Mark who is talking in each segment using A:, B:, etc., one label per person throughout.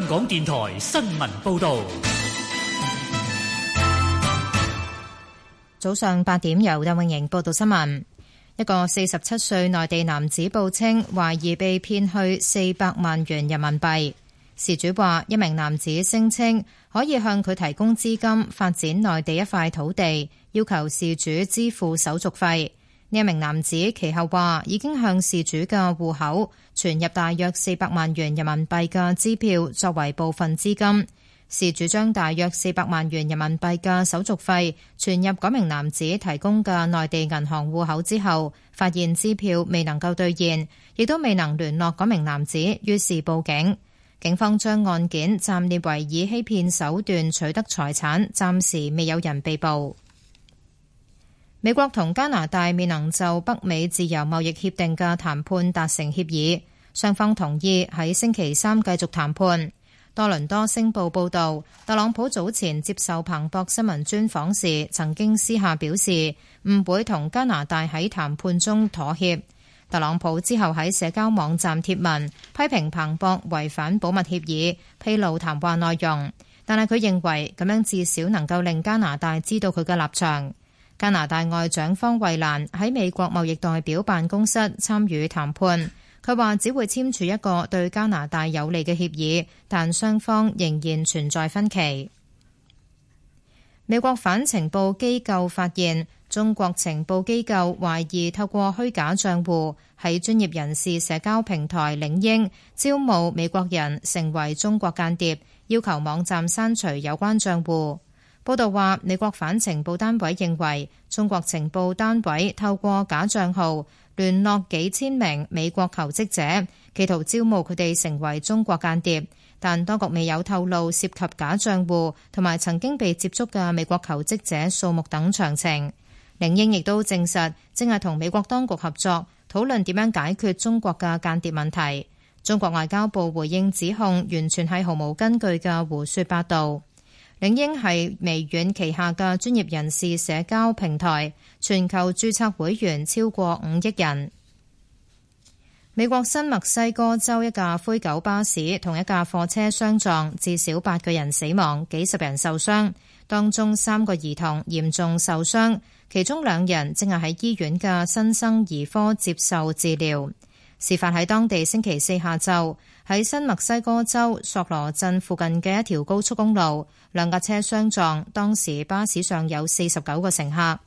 A: 香港電台新聞報道，
B: 早上八點由鄧永盈報道新聞。一個四十七歲內地男子報稱懷疑被騙去四百萬元人民幣。事主話一名男子聲稱可以向佢提供資金發展內地一塊土地，要求事主支付手續費。呢一名男子，其後話已經向事主嘅戶口存入大約四百萬元人民幣嘅支票作為部分資金。事主將大約四百萬元人民幣嘅手續費存入嗰名男子提供嘅內地銀行戶口之後，發現支票未能夠兌現，亦都未能聯絡嗰名男子，於是報警。警方將案件暫列為以欺騙手段取得財產，暫時未有人被捕。美國同加拿大未能就北美自由貿易協定嘅談判達成協議，雙方同意喺星期三繼續談判。多倫多星報報道，特朗普早前接受彭博新聞專訪時，曾經私下表示唔會同加拿大喺談判中妥協。特朗普之後喺社交網站貼文批評彭博違反保密協議，披露談話內容，但係佢認為咁樣至少能夠令加拿大知道佢嘅立場。加拿大外長方慧蘭喺美國貿易代表辦公室參與談判，佢話只會簽署一個對加拿大有利嘅協議，但雙方仍然存在分歧。美國反情報機構發現，中國情報機構懷疑透過虛假賬戶喺專業人士社交平台領英招募美國人成為中國間諜，要求網站刪除有關賬戶。報道話，美國反情報單位認為中國情報單位透過假賬號聯絡幾千名美國求職者，企圖招募佢哋成為中國間諜。但當局未有透露涉及假賬戶同埋曾經被接觸嘅美國求職者數目等詳情。領英亦都證實正係同美國當局合作討論點樣解決中國嘅間諜問題。中國外交部回應指控，完全係毫無根據嘅胡說八道。領英係微軟旗下嘅專業人士社交平台，全球註冊會員超過五億人。美國新墨西哥州一架灰狗巴士同一架貨車相撞，至少八個人死亡，幾十人受傷，當中三個兒童嚴重受傷，其中兩人正係喺醫院嘅新生兒科接受治療。事發喺當地星期四下晝。喺新墨西哥州索羅鎮附近嘅一條高速公路，兩架車相撞。當時巴士上有四十九個乘客。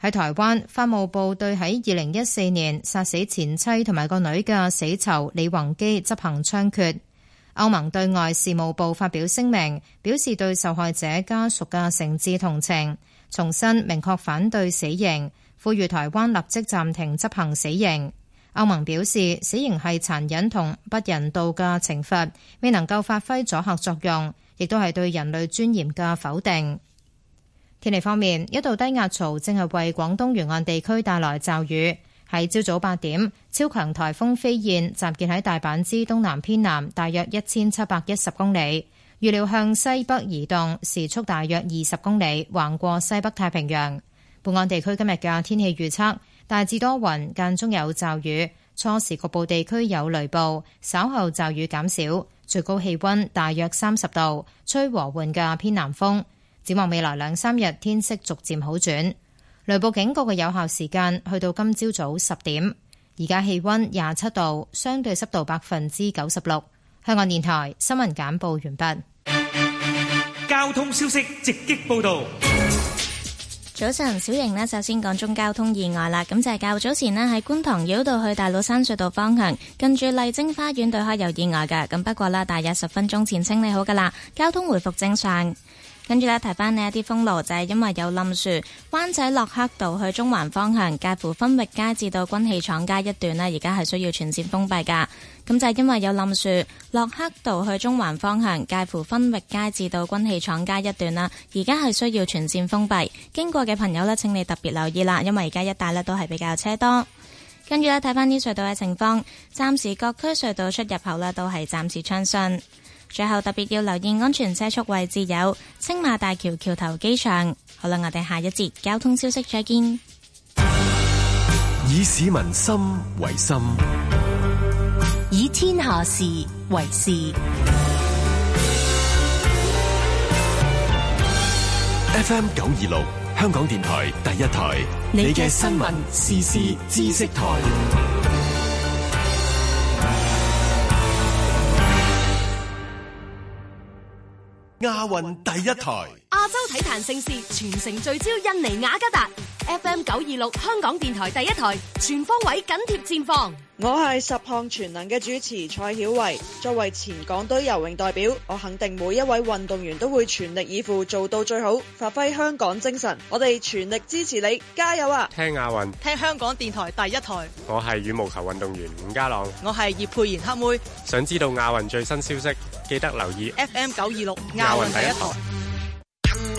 B: 喺台灣，法務部對喺二零一四年殺死前妻同埋個女嘅死囚李宏基執行槍決。歐盟對外事務部發表聲明，表示對受害者家屬嘅誠摯同情，重申明確反對死刑，呼籲台灣立即暫停執行死刑。歐盟表示，死刑係殘忍同不人道嘅懲罰，未能夠發揮阻嚇作用，亦都係對人類尊嚴嘅否定。天氣方面，一道低壓槽正係為廣東沿岸地區帶來驟雨。喺朝早八點，超強颱風飛燕集結喺大阪之東南偏南大約一千七百一十公里，預料向西北移動，時速大約二十公里，橫過西北太平洋。本岸地區今日嘅天氣預測。大致多雲，間中有驟雨，初時局部地區有雷暴，稍後驟雨減少，最高氣溫大約三十度，吹和緩嘅偏南風。展望未來兩三日天色逐漸好轉，雷暴警告嘅有效時間去到今朝早十點。而家氣溫廿七度，相對濕度百分之九十六。香港電台新聞簡報完畢。
C: 交通消息直擊報道。
B: 早晨，小瑩呢，首先講中
D: 交通意外啦，咁就係較早前呢，喺觀塘繞道去大老山隧道方向，近住麗晶花園對開有意外噶，咁不過啦，大約十分鐘前清理好噶啦，交通回復正常。跟住呢，提翻呢一啲封路，就係因為有冧樹，灣仔洛克道去中環方向介乎分域街至到軍器廠街一段呢，而家係需要全線封閉噶。咁就係因為有冧樹，駱克道去中環方向介乎分域街至到軍器廠街一段啦，而家係需要全線封閉，經過嘅朋友呢，請你特別留意啦，因為而家一帶呢都係比較車多。跟住呢，睇返啲隧道嘅情況，暫時各區隧道出入口呢都係暫時暢順。最後特別要留意安全車速位置有青馬大橋橋頭、機場。好啦，我哋下一節交通消息再見。
E: 以市民心為心，
D: 以天下事為事。
E: FM 九二六，香港電台第一台，你嘅新聞、時事、知識台，亞運第一台。
D: 亞洲體壇盛事全城聚焦印尼雅加達，FM 九二六香港電台第一台全方位緊貼戰況。我係十項全能嘅主持蔡曉慧。作為前港隊游泳代表，我肯定每一位運動員都會全力以赴做到最好，發揮香港精神。我哋全力支持你，加油啊！聽亞運，聽香港電台第一台。
E: 我係羽毛球運動員伍家朗。我係葉佩妍黑妹。想知道亞運最新消息，記得留意
D: FM 九二六亞運第一台。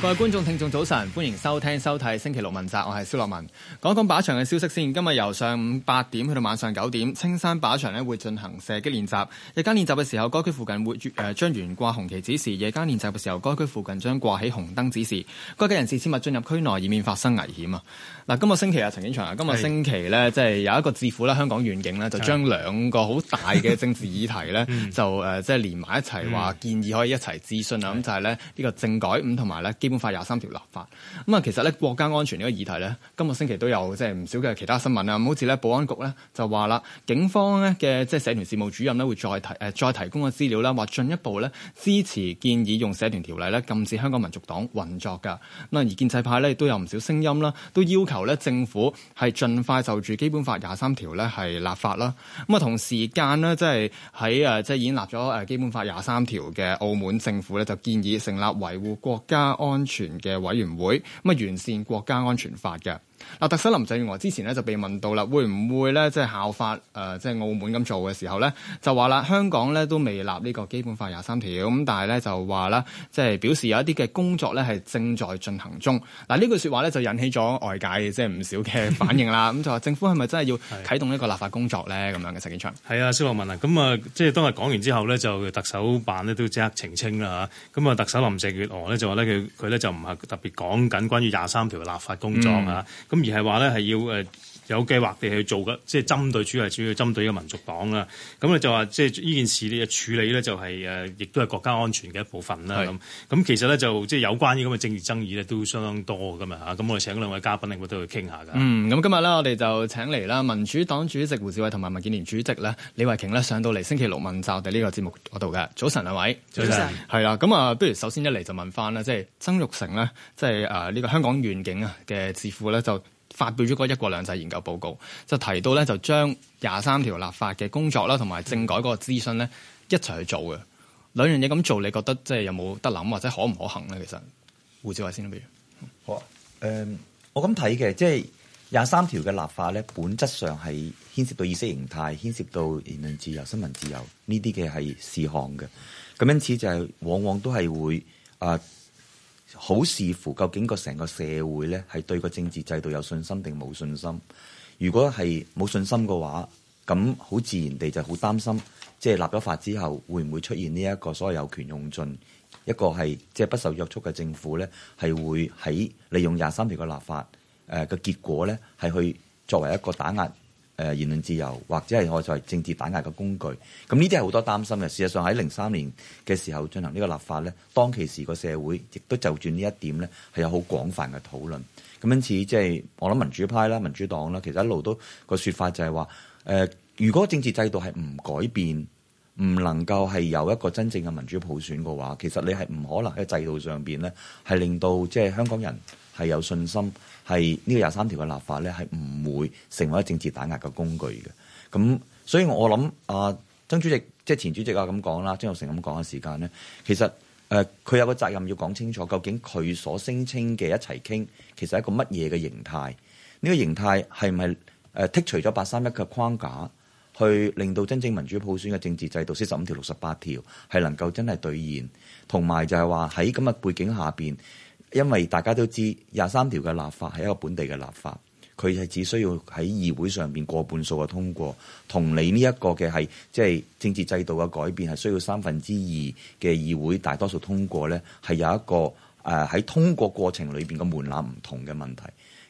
E: 各位觀眾聽眾早晨，歡迎收聽收睇星期六問集，我係蕭樂文，講講靶場嘅消息先。今日由上午八點去到晚上九點，青山靶場咧會進行射擊練習。日間練習嘅時候，該區附近會誒將懸掛紅旗指示；夜間練習嘅時候，該區附近將掛起紅燈指示。各界人士切勿進入區內，以免發生危險啊！嗱，今日星期曾陳景祥啊，今日星期呢，即係、就是、有一個智庫啦，香港願景呢，就將兩個好大嘅政治議題呢、 呃，就誒即係連埋一齊，話、嗯、建議可以一齊諮詢啊！咁就係咧呢個政改五同埋呢。基本法廿三條立法咁啊，其實咧國家安全呢個議題咧，今個星期都有即係唔少嘅其他新聞啊，好似咧保安局咧就話啦，警方咧嘅即係社團事務主任咧會再提誒，再提供個資料啦，話進一步咧支持建議用社團條例咧禁止香港民族黨運作㗎。咁啊，而建制派咧亦都有唔少聲音啦，都要求咧政府係盡快就住基本法廿三條咧係立法啦。咁啊，同時間咧即係喺誒即係已經立咗誒基本法廿三條嘅澳門政府咧，就建議成立維護國家安。安全嘅委員會，咁啊完善國家安全法嘅。嗱，特首林鄭月娥之前呢就被問到啦，會唔會咧即係效法誒即係澳門咁做嘅時候咧，就話啦，香港咧都未立呢個基本法廿三條，咁但係咧就話啦，即係表示有一啲嘅工作咧係正在進行中。嗱，呢句說話咧就引起咗外界即係唔少嘅反應啦。咁 就話政府係咪真係要啟動呢個立法工作咧？咁樣嘅石建昌。
C: 係啊，蕭若文啊，咁啊，即係當日講完之後咧，就特首辦呢都即刻澄清啦嚇，咁啊，特首林鄭月娥咧就話咧佢佢咧就唔係特別講緊關於廿三條嘅立法工作、嗯咁而係話咧，係要誒、呃有計劃地去做嘅，即係針對主要主要針對呢個民族黨啦。咁你就話，即係依件事嘅處理咧、就係，就係誒，亦都係國家安全嘅一部分啦。咁咁其實咧就即係有關依咁嘅政治爭議咧，都相當多嘅嘛嚇。咁我哋請兩位嘉賓咧，我哋都去傾下
E: 嘅。嗯，咁今日咧，我哋就請嚟啦，民主黨主席胡志偉同埋民建聯主席咧李慧瓊呢上到嚟星期六問責我哋呢個節目嗰度嘅。早晨兩位，早晨，係啦。咁啊，不如首先一嚟就問翻咧，即係曾鈺成呢，即係誒呢個香港願景啊嘅智庫咧就。發表咗個一國兩制研究報告，就提到咧就將廿三條立法嘅工作啦，同埋政改嗰個諮詢咧一齊去做嘅兩樣嘢咁
A: 做，你覺得即係有冇得諗或者可唔可行咧？其實胡志偉先啦，不如好啊？呃、我咁睇嘅，即係廿三條嘅立法咧，本質上係牽涉到意識形態、牽涉到言論自由、新聞自由呢啲嘅係事項嘅，咁因此就係往往都係會，呃好視乎究竟個成個社會咧，係對個政治制度有信心定冇信心？如果係冇信心嘅話，咁好自然地就好擔心，即係立咗法之後會唔會出現呢一個所謂有權用盡，一個係即係不受約束嘅政府咧，係會喺利用廿三條嘅立法，誒嘅結果咧，係去作為一個打壓。誒言論自由或者係我作為政治打壓嘅工具，咁呢啲係好多擔心嘅。事實上喺零三年嘅時候進行呢個立法咧，當其時個社會亦都就住呢一點咧，係有好廣泛嘅討論。咁因此即係我諗民主派啦、民主黨啦，其實一路都個説法就係話，誒如果政治制度係唔改變，唔能夠係有一個真正嘅民主普選嘅話，其實你係唔可能喺制度上邊咧，係令到即係香港人係有信心。係呢個廿三條嘅立法咧，係唔會成為一個政治打壓嘅工具嘅。咁所以我諗啊曾主席，即係前主席啊咁講啦，曾鈺成咁講嘅時間咧，其實誒佢、呃、有個責任要講清楚，究竟佢所聲稱嘅一齊傾，其實係一個乜嘢嘅形態？呢、呢個形態係唔係誒剔除咗八三一嘅框架，去令到真正民主普選嘅政治制度，四十五條、六十八條係能夠真係兌現？同埋就係話喺咁嘅背景下邊？因為大家都知廿三條嘅立法係一個本地嘅立法，佢係只需要喺議會上邊過半數嘅通過，同你呢一個嘅係即係政治制度嘅改變係需要三分之二嘅議會大多數通過咧，係有一個誒喺、呃、通過過程裏邊嘅門檻唔同嘅問題，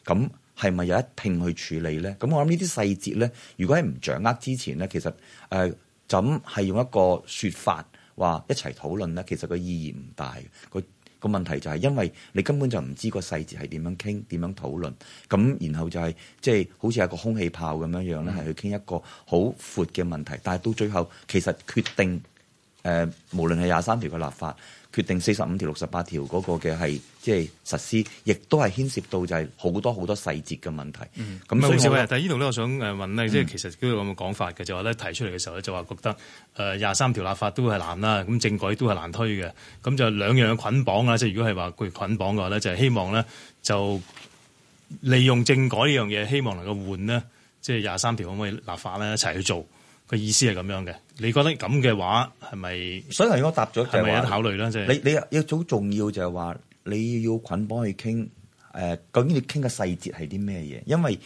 A: 咁係咪有一併去處理咧？咁我諗呢啲細節咧，如果係唔掌握之前咧，其實誒咁係用一個説法話一齊討論咧，其實個意義唔大嘅。個問題就係因為你根本就唔知個細節係點樣傾，點樣討論，咁然後就係即係好似係個空氣炮咁樣樣咧，係、嗯、去傾一個好闊嘅問題，但係到最後，其實決定誒、呃，無論係廿三條嘅立法。決定四十五條、條、六十八條嗰個嘅係即係實施，亦都係牽涉到就係好多好多細節嘅問題。咁、嗯、啊，但係
C: 呢度咧，我想誒問咧，即、嗯、係其實都有咁嘅講法嘅，就話、是、咧提出嚟嘅時候咧，就話覺得誒廿三條立法都係難啦，咁政改都係難推嘅，咁就兩樣捆綁啊，即、就、係、是、如果係話佢捆綁嘅話咧，就係、是、希望咧就利用政改呢樣嘢，希望能夠換呢，即係廿三條可唔可以立法咧一齊去做？個意思係咁樣嘅。你覺得咁嘅話係咪？所以如我答咗，係咪有得考慮啦。即係你
A: 你最重要就係話你要捆綁去傾、呃、究竟你傾嘅細節係啲咩嘢？因為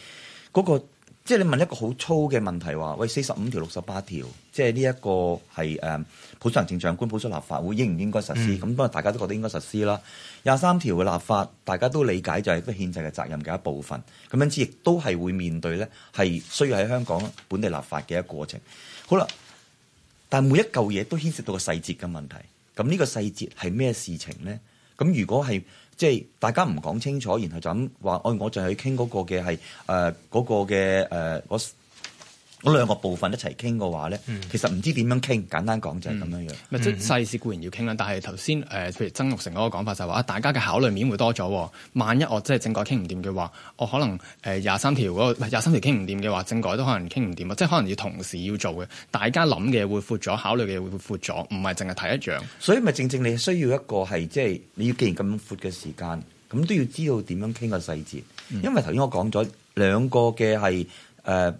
A: 嗰、那個即係你問一個好粗嘅問題話，喂，四十五條、六十八條，即係呢一個係誒、嗯、普選行政長官、普選立法會應唔應該實施？咁當然大家都覺得應該實施啦。廿三條嘅立法大家都理解，就係一個憲制嘅責任嘅一部分。咁因此亦都係會面對咧，係需要喺香港本地立法嘅一個過程。好啦。但每一嚿嘢都牽涉到個細節嘅問題。咁呢個細節係咩事情咧？咁如果係即係大家唔講清楚，然後就咁話，哦，我我就去傾嗰個嘅係誒嗰個嘅誒。呃」嗰兩個部分一齊傾嘅話咧，嗯、其實唔知點樣傾。簡單講就係咁樣樣。咪、嗯嗯、即細事固然要傾啦，
E: 但係頭先誒，譬如曾鈺成嗰個講法就係話，大家嘅考慮面會多咗。萬一我真係政改傾唔掂嘅話，我可能誒廿三條嗰廿三條傾唔掂嘅話，政改都可能傾唔掂啊！即係可能要
A: 同時要做嘅，大家諗嘅嘢會闊咗，考慮嘅嘢會闊咗，唔係淨係睇一樣。所以咪正正你需要一個係即係你要，既然咁闊嘅時間，咁都要知道點樣傾個細節。嗯、因為頭先我講咗兩個嘅係誒。呃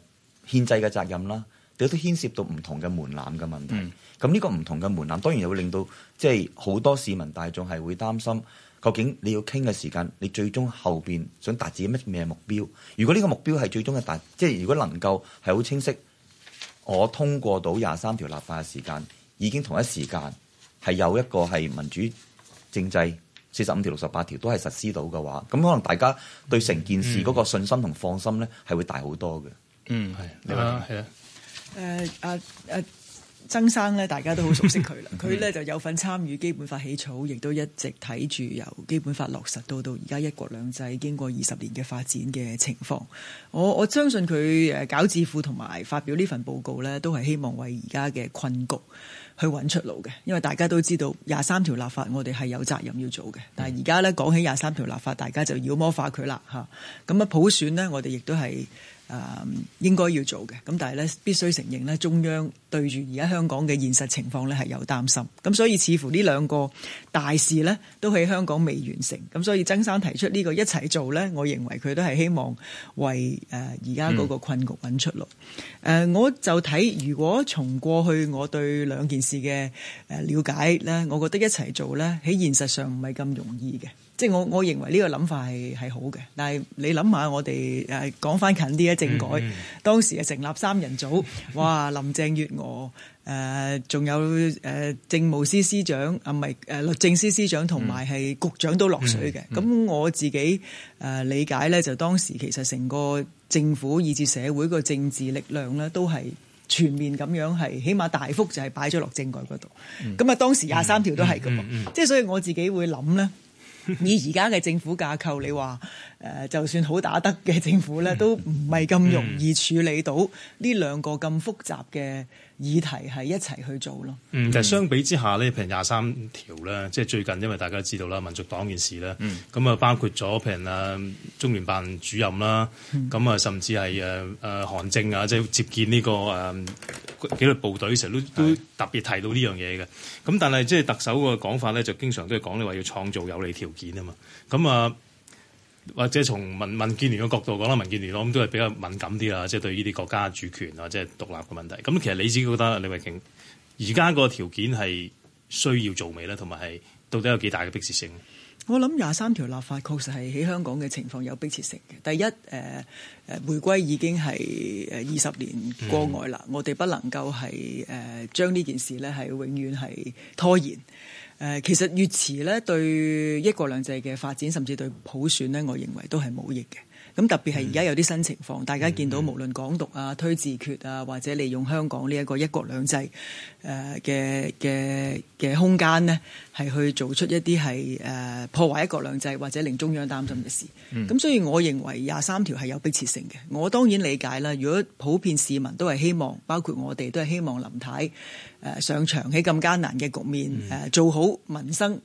A: 憲制嘅責任啦，亦都牽涉到唔同嘅門檻嘅問題。咁、嗯、呢個唔同嘅門檻，當然又會令到即係好多市民大眾係會擔心，究竟你要傾嘅時間，你最終後邊想達至乜嘢目標？如果呢個目標係最終嘅達，即、就、係、是、如果能夠係好清晰，我通過到廿三條立法嘅時間，已經同一時間係有一個係民主政制四十五條六十八條都係實施到嘅話，咁可能大家對成件事嗰個信心同放心呢係會大好多嘅。嗯嗯
F: 嗯係，你係啊，誒、啊，阿曾生咧，大家都好熟悉佢啦。佢 咧就有份參與基本法起草，亦都一直睇住由基本法落實到到而家一國兩制，經過二十年嘅發展嘅情況。我我相信佢誒搞智庫同埋發表呢份報告咧，都係希望為而家嘅困局去揾出路嘅。因為大家都知道廿三條立法，我哋係有責任要做嘅。但係而家咧講起廿三條立法，大家就妖魔化佢啦吓。咁啊，普選咧，我哋亦都係。誒、嗯、應該要做嘅，咁但係咧必須承認咧，中央對住而家香港嘅現實情況咧係有擔心，咁所以似乎呢兩個大事咧都喺香港未完成，咁所以曾生提出呢個一齊做咧，我認為佢都係希望為誒而家嗰個困局揾出路。誒、嗯，我就睇如果從過去我對兩件事嘅誒了解咧，我覺得一齊做咧喺現實上唔係咁容易嘅。即係我我認為呢個諗法係係好嘅，但係你諗下我哋誒講翻近啲啊，政改、mm-hmm. 當時係成立三人組，mm-hmm. 哇，林鄭月娥誒，仲、呃、有誒、呃、政務司司長啊，唔係誒律政司司長同埋係局長都落水嘅。咁、mm-hmm. 我自己誒、呃、理解咧，就當時其實成個政府以至社會個政治力量咧，都係全面咁樣係，起碼大幅就係擺咗落政改嗰度。咁啊，當時廿三條都係咁，即係所以我自己會諗咧。以而家嘅政府架構，你話。誒，就算好打得嘅政府咧、嗯，都唔係咁容易處理到呢兩個咁複雜嘅議題，係一齊去做咯。嗯，
C: 但係相比之下呢，譬如廿三條呢，即係最近，因為大家知道啦，民族黨件事啦咁啊，包括咗譬如啊中聯辦主任啦，咁、嗯、啊，甚至係誒誒韓正啊，即係接見呢、呢個誒紀律部隊，成日都都特別提到呢樣嘢嘅。咁但係即係特首個講法咧，就經常都係講你話要創造有利條件啊嘛。咁啊～或者從民民建聯嘅角度講啦，民建聯我諗都係比較敏感啲啦，即係對呢啲國家主權啊，即係獨立嘅問題。咁其實你自己覺得李慧瓊而家個條件係需要做未呢？同埋係到底有幾大嘅迫切性？
F: 我諗廿三條立法確實係喺香港嘅情況有迫切性嘅。第一，誒誒，回歸已經係二十年過外啦、嗯，我哋不能夠係誒將呢件事呢係永遠係拖延。誒其實越遲呢，對一國兩制嘅發展，甚至對普選呢，我認為都係冇益嘅。咁特別係而家有啲新情況，嗯，大家見到、嗯、無論港獨啊、推自決啊，或者利用香港呢一個一國兩制誒嘅嘅嘅空間咧，係去做出一啲係誒破壞一國兩制或者令中央擔心嘅事。咁、嗯、所以我認為廿三條係有迫切性嘅，我當然理解啦。如果普遍市民都係希望，包括我哋都係希望林太誒、呃、上場，喺咁艱難嘅局面誒、嗯、呃、做好民生。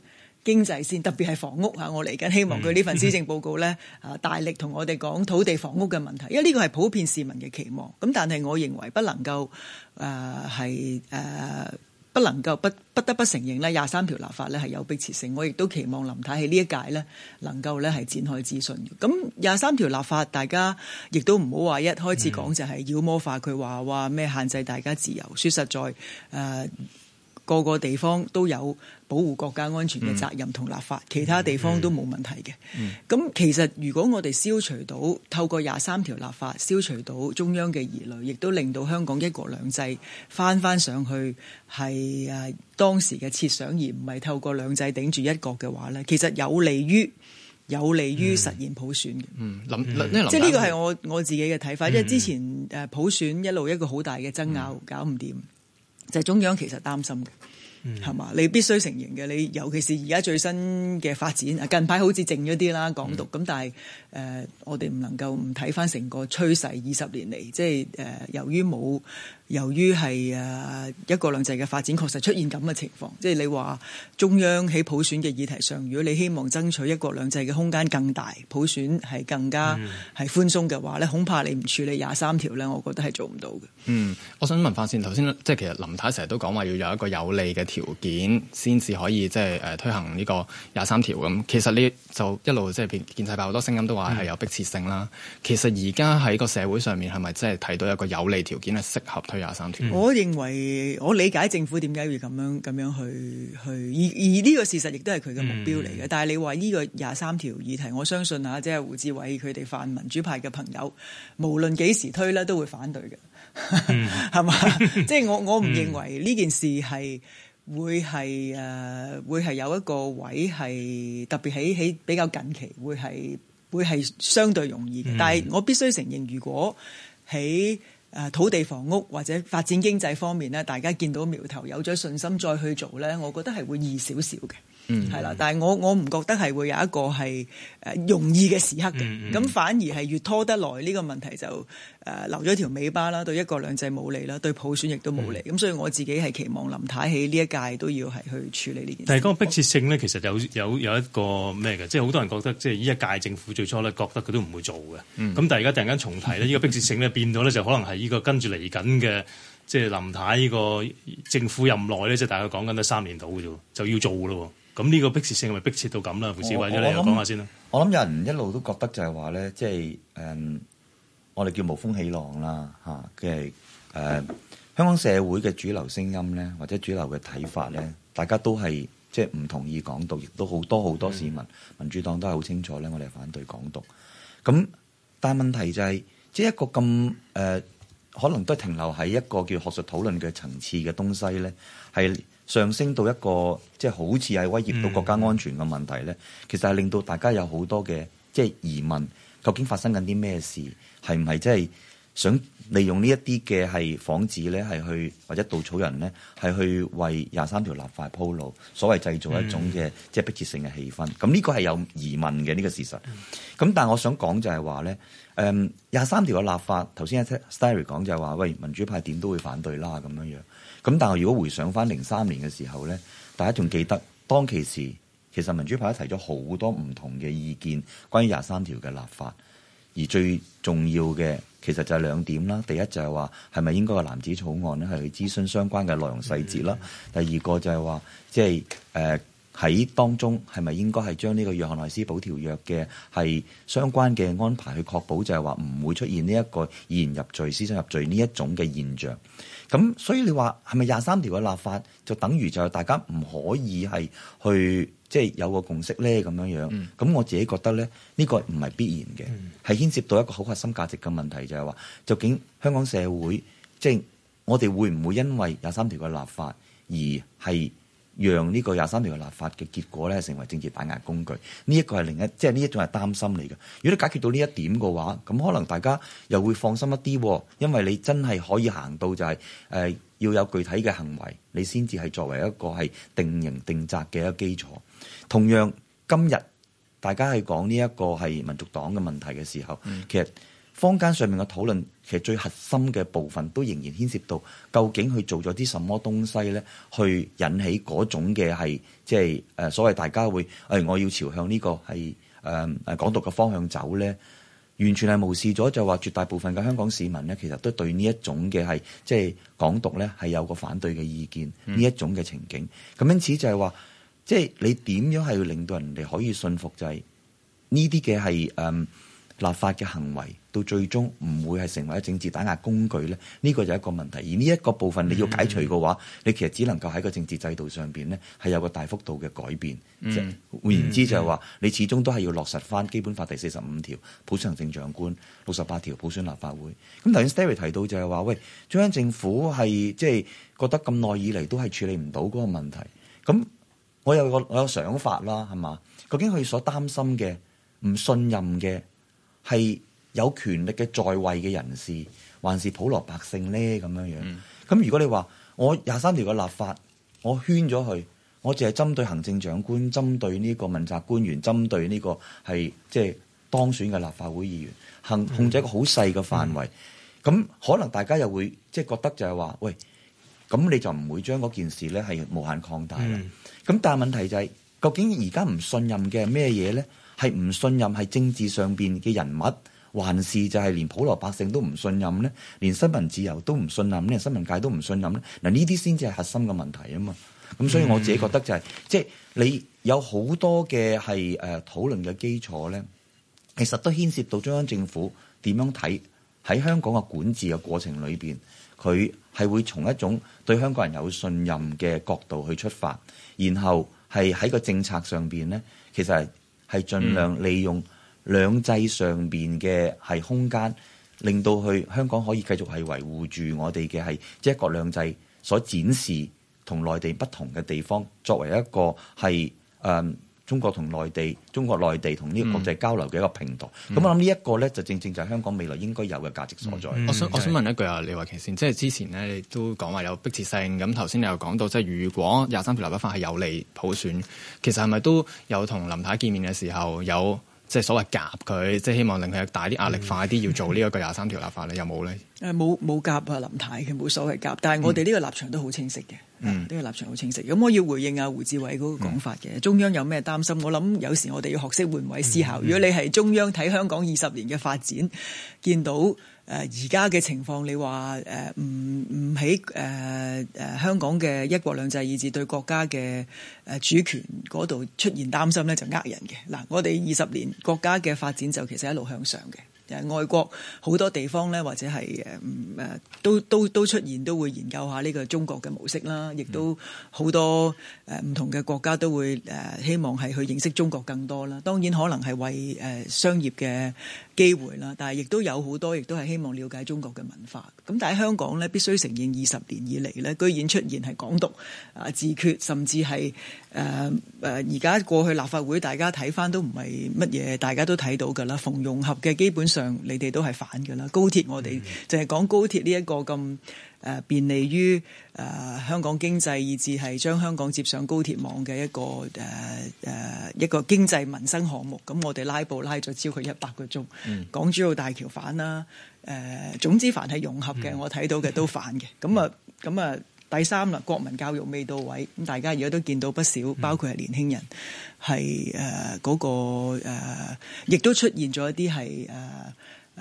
F: 經濟先，特別係房屋吓，我嚟緊希望佢呢份施政報告咧，啊，大力同我哋講土地房屋嘅問題，因為呢個係普遍市民嘅期望。咁但係，我認為不能夠誒係誒，不能夠不不得不承認咧，廿三條立法咧係有迫切性。我亦都期望林太喺呢一屆咧，能夠咧係展開諮詢。咁廿三條立法，大家亦都唔好話一開始講就係妖魔化佢話，話咩限制大家自由。說實在誒。呃個個地方都有保護國家安全嘅責任同立法，嗯，其他地方都冇問題嘅。咁、嗯、其實如果我哋消除到透過廿三條立法消除到中央嘅疑慮，亦、嗯、都令到香港一國兩制返返上去係誒、啊、當時嘅設想，而唔係透過兩制頂住一國嘅話呢，其實有利於有利於實現普選嘅。嗯，即係呢個係我我自己嘅睇法，嗯，因為之前普選一路一個好大嘅爭拗，嗯、搞唔掂。就係、中央其實擔心嘅，係、嗯、嘛？你必須承認嘅，你尤其是而家最新嘅發展，近排好似靜咗啲啦，港獨咁，嗯、但係誒、呃，我哋唔能夠唔睇返成個趨勢，二十年嚟，即係誒，由於冇。由於係誒一國兩制嘅發展，確實出現咁嘅情況，即係你話中央喺普選嘅議題上，如果你希望爭取一國兩制嘅空間更大，普選係更加係寬鬆嘅話咧、嗯，恐怕你唔處理廿三條咧，我覺得係做唔到嘅。嗯，
E: 我想問翻先頭先，即係其實林太成日都講話要有一個有利嘅條件，先至可以即係誒推行呢個廿三條咁。其實呢就一路即係建制派好多聲音都話係有迫切性啦、嗯。其實而家喺個社會上面係咪真係睇到一個有利條件係適合推行廿三條，我
F: 認為我理解政府點解會咁樣咁樣去去，而而呢個事實亦都係佢嘅目標嚟嘅、嗯。但係你話呢個廿三條議題，我相信啊，即係胡志偉佢哋泛民主派嘅朋友，無論幾時推咧，都會反對嘅，係、嗯、嘛？即 係是吧 我我唔認為呢件事係會係誒、啊、會係有一個位係特別喺喺比較近期會係會係相對容易嘅、嗯。但係我必須承認，如果喺誒土地房屋或者發展經濟方面咧，大家見到苗頭有咗信心，再去做咧，我覺得係會易少少嘅，係、嗯、啦、嗯。但係我我唔覺得係會有一個係誒容易嘅時刻嘅。咁、嗯嗯、反而係越拖得耐，呢、這個問題就誒、呃、留咗條尾巴啦，對一國兩制冇利啦，對普選亦都冇利。咁、嗯、所以我自己係期望林太，太起呢一屆都要係去處理呢
C: 件事。但係嗰個迫切性呢，其實有有有一個咩嘅？即係好多人覺得，即係呢一屆政府最初咧，覺得佢都唔會做嘅。咁、嗯、但係而家突然間重提咧，呢、嗯嗯、個迫切性咧變咗咧就可能係呢個跟住嚟緊嘅，即係林太呢個政府任內咧，即係大概講緊都三年到啫，就要做咯。咁呢個逼切性咪逼切到咁啦，胡志偉你又講下先啦。
A: 我諗有人一路都覺得就係話咧，即、就、係、是嗯、我哋叫無風起浪啦嚇。佢、啊、係、呃、香港社會嘅主流聲音咧，或者主流嘅睇法咧，大家都係即係唔同意港獨，亦都好多好多市民、嗯、民主黨都係好清楚咧，我哋係反對港獨。咁但問題就係、是，即、就、係、是、一個咁可能都係停留喺一個叫學術討論嘅層次嘅東西咧，係上升到一個即係、即係、好似係威脅到國家安全嘅問題咧、嗯。其實係令到大家有好多嘅即係疑問，究竟發生緊啲咩事？係唔係真係想利用呢一啲嘅幌子，呢一啲嘅係幌子咧，係去或者稻草人咧，係去為廿三條立法鋪路，所謂製造一種嘅即係迫切性嘅氣氛。咁、嗯、呢個係有疑問嘅呢、呢個事實。咁、嗯、但係我想講就係話咧。誒廿三條嘅立法，頭先 Starry 講就係話，喂，民主派點都會反對啦咁樣樣。咁但係如果回想翻零三年嘅時候咧，大家仲記得當其時其實民主派提咗好多唔同嘅意見，關於廿三條嘅立法。而最重要嘅其實就係兩點啦。第一就係話，係咪應該個藍紙草案咧係去諮詢相關嘅內容細節啦、嗯嗯。第二個就係話，即係誒。呃喺當中係咪應該係將呢個約翰內斯堡條約嘅係相關嘅安排去確保，就係話唔會出現呢一個言入罪、思想入罪呢一種嘅現象？咁所以你話係咪廿三條嘅立法就等於就係大家唔可以係去即係、就是、有個共識咧咁樣樣？咁我自己覺得咧，呢、這個唔係必然嘅，係牽涉到一個好核心價值嘅問題就是說，就係話究竟香港社會即係、就是、我哋會唔會因為廿三條嘅立法而係？讓呢個廿三條嘅立法嘅結果咧，成為政治打壓工具，呢一個係另一，即係呢一種係擔心嚟嘅。如果你解決到呢一點嘅話，咁可能大家又會放心一啲，因為你真係可以行到就係、是、誒、呃、要有具體嘅行為，你先至係作為一個係定刑定責嘅一個基礎。同樣今日大家係講呢一個係民族黨嘅問題嘅時候，嗯、其實坊間上面嘅討論。其實最核心嘅部分都仍然牽涉到究竟佢做咗啲什麼東西咧，去引起嗰種嘅係即係所謂大家會、哎、我要朝向呢個係、呃、港獨嘅方向走咧，完全係無視咗就話、是、絕大部分嘅香港市民咧，其實都對呢一種嘅係即係港獨咧係有個反對嘅意見呢、嗯、一種嘅情景。咁因此就係話，即、就、係、是、你點樣係要令到人哋可以信服、就是，就係呢啲嘅係立法嘅行為到最終唔會係成為一政治打壓工具咧，呢個就係一個問題。而呢一個部分你要解除嘅話，mm-hmm. 你其實只能夠喺個政治制度上邊咧係有個大幅度嘅改變、mm-hmm. 即。換言之就係話，mm-hmm. 你始終都係要落實翻《基本法》第四十五條，普選行政長官；六十八條，普選立法會。咁頭先 Starry 提到就係話，喂，中央政府係即係覺得咁耐以嚟都係處理唔到嗰個問題。咁我有個我有想法啦，係嘛？究竟佢所擔心嘅唔信任嘅？係有權力嘅在位嘅人士，還是普羅百姓咧？咁樣樣。咁、嗯、如果你話我廿三條嘅立法，我圈咗佢，我淨係針對行政長官、針對呢個問責官員、針對呢、呢個係即係當選嘅立法會議員，行控制一個好細嘅範圍。咁、嗯、可能大家又會即係覺得就係話，喂，咁你就唔會將嗰件事咧係無限擴大啦。咁、嗯、但係問題就係、係，究竟而家唔信任嘅係咩嘢咧？係唔信任？係政治上邊嘅人物，還是就係連普羅百姓都唔信任咧？連新聞自由都唔信任咧？新聞界都唔信任咧嗱？呢啲先至係核心嘅問題啊嘛。咁所以我自己覺得就係、係，即係、嗯、係、就係、你有好多嘅係誒討論嘅基礎咧，其實都牽涉到中央政府點樣睇喺香港嘅管治嘅過程裏邊，佢係會從一種對香港人有信任嘅角度去出發，然後係喺個政策上邊咧，其實係。係盡量利用兩制上面嘅空間，嗯、令到去香港可以繼續係維護住我哋嘅係即一國兩制所展示同內地不同嘅地方，作為一個係中國同內地、中國內地同呢個國際交流嘅一個平台，咁、嗯、我諗呢一個咧就正正就係香港未來應該有嘅價值所在。嗯、我想我想問一句啊，李慧瓊先，即係之前咧，
E: 你都講話有迫切性，咁頭先你又講到即係如果廿三條立法法係有利普選，其實係咪都有同林太見面嘅時候有即係所謂夾佢，即係希望令佢大啲壓力快一，快、嗯、啲要做呢一個廿三條立法咧，你有冇咧？
F: 誒冇冇夾啊！林太佢冇所謂夾，但係我哋呢個立場都好清晰嘅。嗯，呢、呢個立場好清晰。咁我要回應阿胡志偉嗰個講法嘅、嗯，中央有咩擔心？我諗有時我哋要學識換位思考、嗯嗯。如果你係中央睇香港二十年嘅發展，見到誒而家嘅情況，你話誒唔唔喺誒誒香港嘅一國兩制，以致對國家嘅誒主權嗰度出現擔心咧，就呃人嘅。嗱，我哋二十年國家嘅發展就其實一路向上嘅。誒外國好多地方咧，或者係誒誒都都都出現都會研究下呢個中國嘅模式啦。亦都好多誒唔同嘅國家都會誒希望係去認識中國更多啦。當然可能係為誒商業嘅機會啦，但係亦都有好多，亦都係希望了解中國嘅文化。咁但係香港咧，必須承認二十年以嚟咧，居然出現係港獨啊、自決，甚至係誒誒而家過去立法會，大家睇翻都唔係乜嘢，大家都睇到㗎啦。逢融合嘅基本上。上你哋都係反噶啦，高鐵我哋、嗯、就係、是、講高鐵呢一個咁誒、呃、便利於誒、呃、香港經濟，以至係將香港接上高鐵網嘅一個誒誒、呃呃、一個經濟民生項目。咁我哋拉布拉咗超過一百個鐘，港珠澳大橋反啦，誒、呃、總之凡係融合嘅、嗯，我睇到嘅都反嘅。咁啊咁啊。第三啦，國民教育未到位，咁大家而家都見到不少，包括係年輕人係誒嗰個、呃、亦都出現咗一啲係誒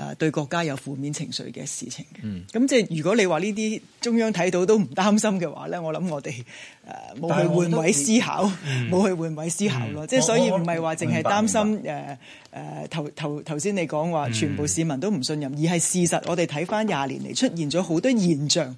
F: 誒對國家有負面情緒嘅事情。咁、嗯、即係如果你話呢啲中央睇到都唔擔心嘅話咧，我諗我哋誒冇去換位思考，冇去換位思考咯。即係所以唔係話淨係擔心誒誒頭頭頭先你講話全部市民都唔信任，嗯、而係事實我哋睇翻廿年嚟出現咗好多現象。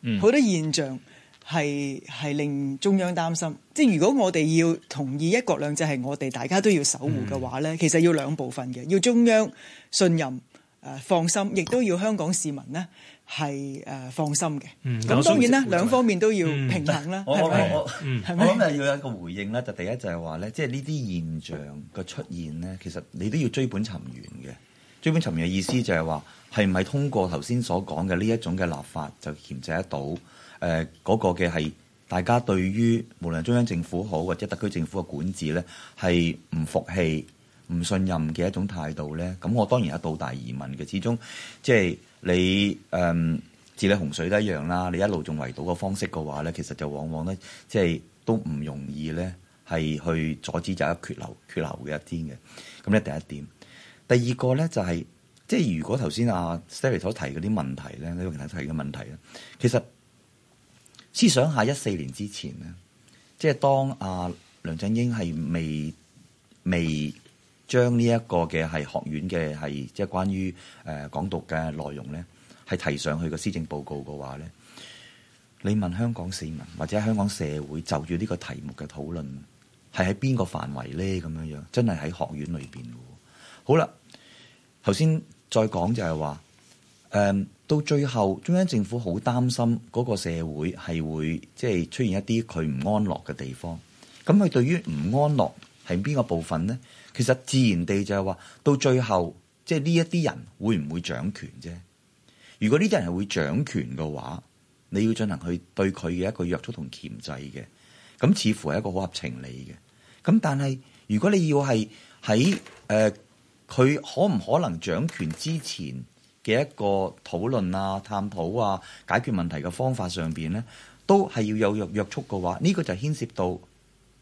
F: 好、嗯、多現象係係令中央擔心，即係如果我哋要同意一國兩制係我哋大家都要守護嘅話咧、嗯，其實要兩部分嘅，要中央信任、呃、放心，亦都要香港市民咧係、呃、放心嘅。
A: 咁、嗯、當然啦，兩
F: 方面都要平衡啦，係咪？我、
A: 嗯、我我，我咁要有一個回應啦。就第一就係話咧，即係呢啲現象嘅出現咧，其實你都要追本尋源嘅。追本尋源嘅意思就係話。係唔係通過頭先所講嘅呢一種嘅立法就鉗制得到？誒、呃、嗰、那個嘅係大家對於無論中央政府好或者特區政府嘅管治咧，係唔服氣、唔信任嘅一種態度咧。咁我當然有倒大移民嘅始終，即、呃、係你誒治理洪水都一樣啦。你一路仲圍堵嘅方式嘅話咧，其實就往往咧即係都唔容易咧係去阻止就一缺口缺口嘅一天嘅。咁呢，第一點，第二個咧就係、是。即係如果頭先阿 Starry 所提嗰啲問題咧，你頭先提嘅問題咧，其實思想一下一四年之前咧，即係當阿梁振英係未未將呢一個嘅係學院嘅係即係關於誒港獨嘅內容咧，係提上去個施政報告嘅話咧，你問香港市民或者香港社會就住呢個題目嘅討論係喺邊個範圍咧？咁樣樣真係喺學院裏邊嘅。好啦，頭先。再講就係話，誒、嗯、到最後，中央政府好擔心嗰個社會係會即係、就是、出現一啲佢唔安樂嘅地方。咁佢對於唔安樂係邊個部分咧？其實自然地就係話，到最後即係呢一啲人會唔會掌權啫？如果呢啲人係會掌權嘅話，你要進行去對佢嘅一個約束同鉗制嘅，咁似乎係一個好合情理嘅。咁但係如果你要係喺誒，呃佢可唔可能掌權之前嘅一個討論啊、探討啊、解決問題嘅方法上面呢，都係要有約約束嘅話，呢、這個就牽涉到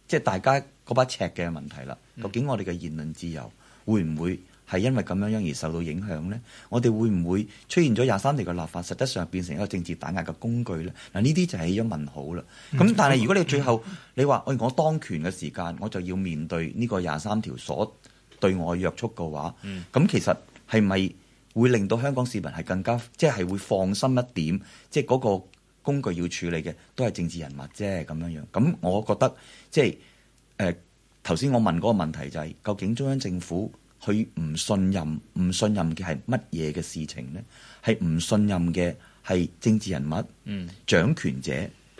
A: 即係、就是、大家嗰把尺嘅問題啦。究竟我哋嘅言論自由會唔會係因為咁樣樣而受到影響呢？我哋會唔會出現咗廿三條嘅立法，實質上變成一個政治打壓嘅工具呢？嗱，呢啲就係一問號啦。咁、嗯、但係如果你最後你話，我當權嘅時間我就要面對呢個廿三條所對我約束嘅話，咁、嗯、其實係咪會令到香港市民係更加即係、就是、會放心一點？即係嗰個工具要處理嘅都係政治人物啫，咁樣樣。咁我覺得即係誒頭先我問嗰個問題就係、是、究竟中央政府佢唔信任唔信任嘅係乜嘢嘅事情呢？係唔信任嘅係政治人物，嗯、掌權者，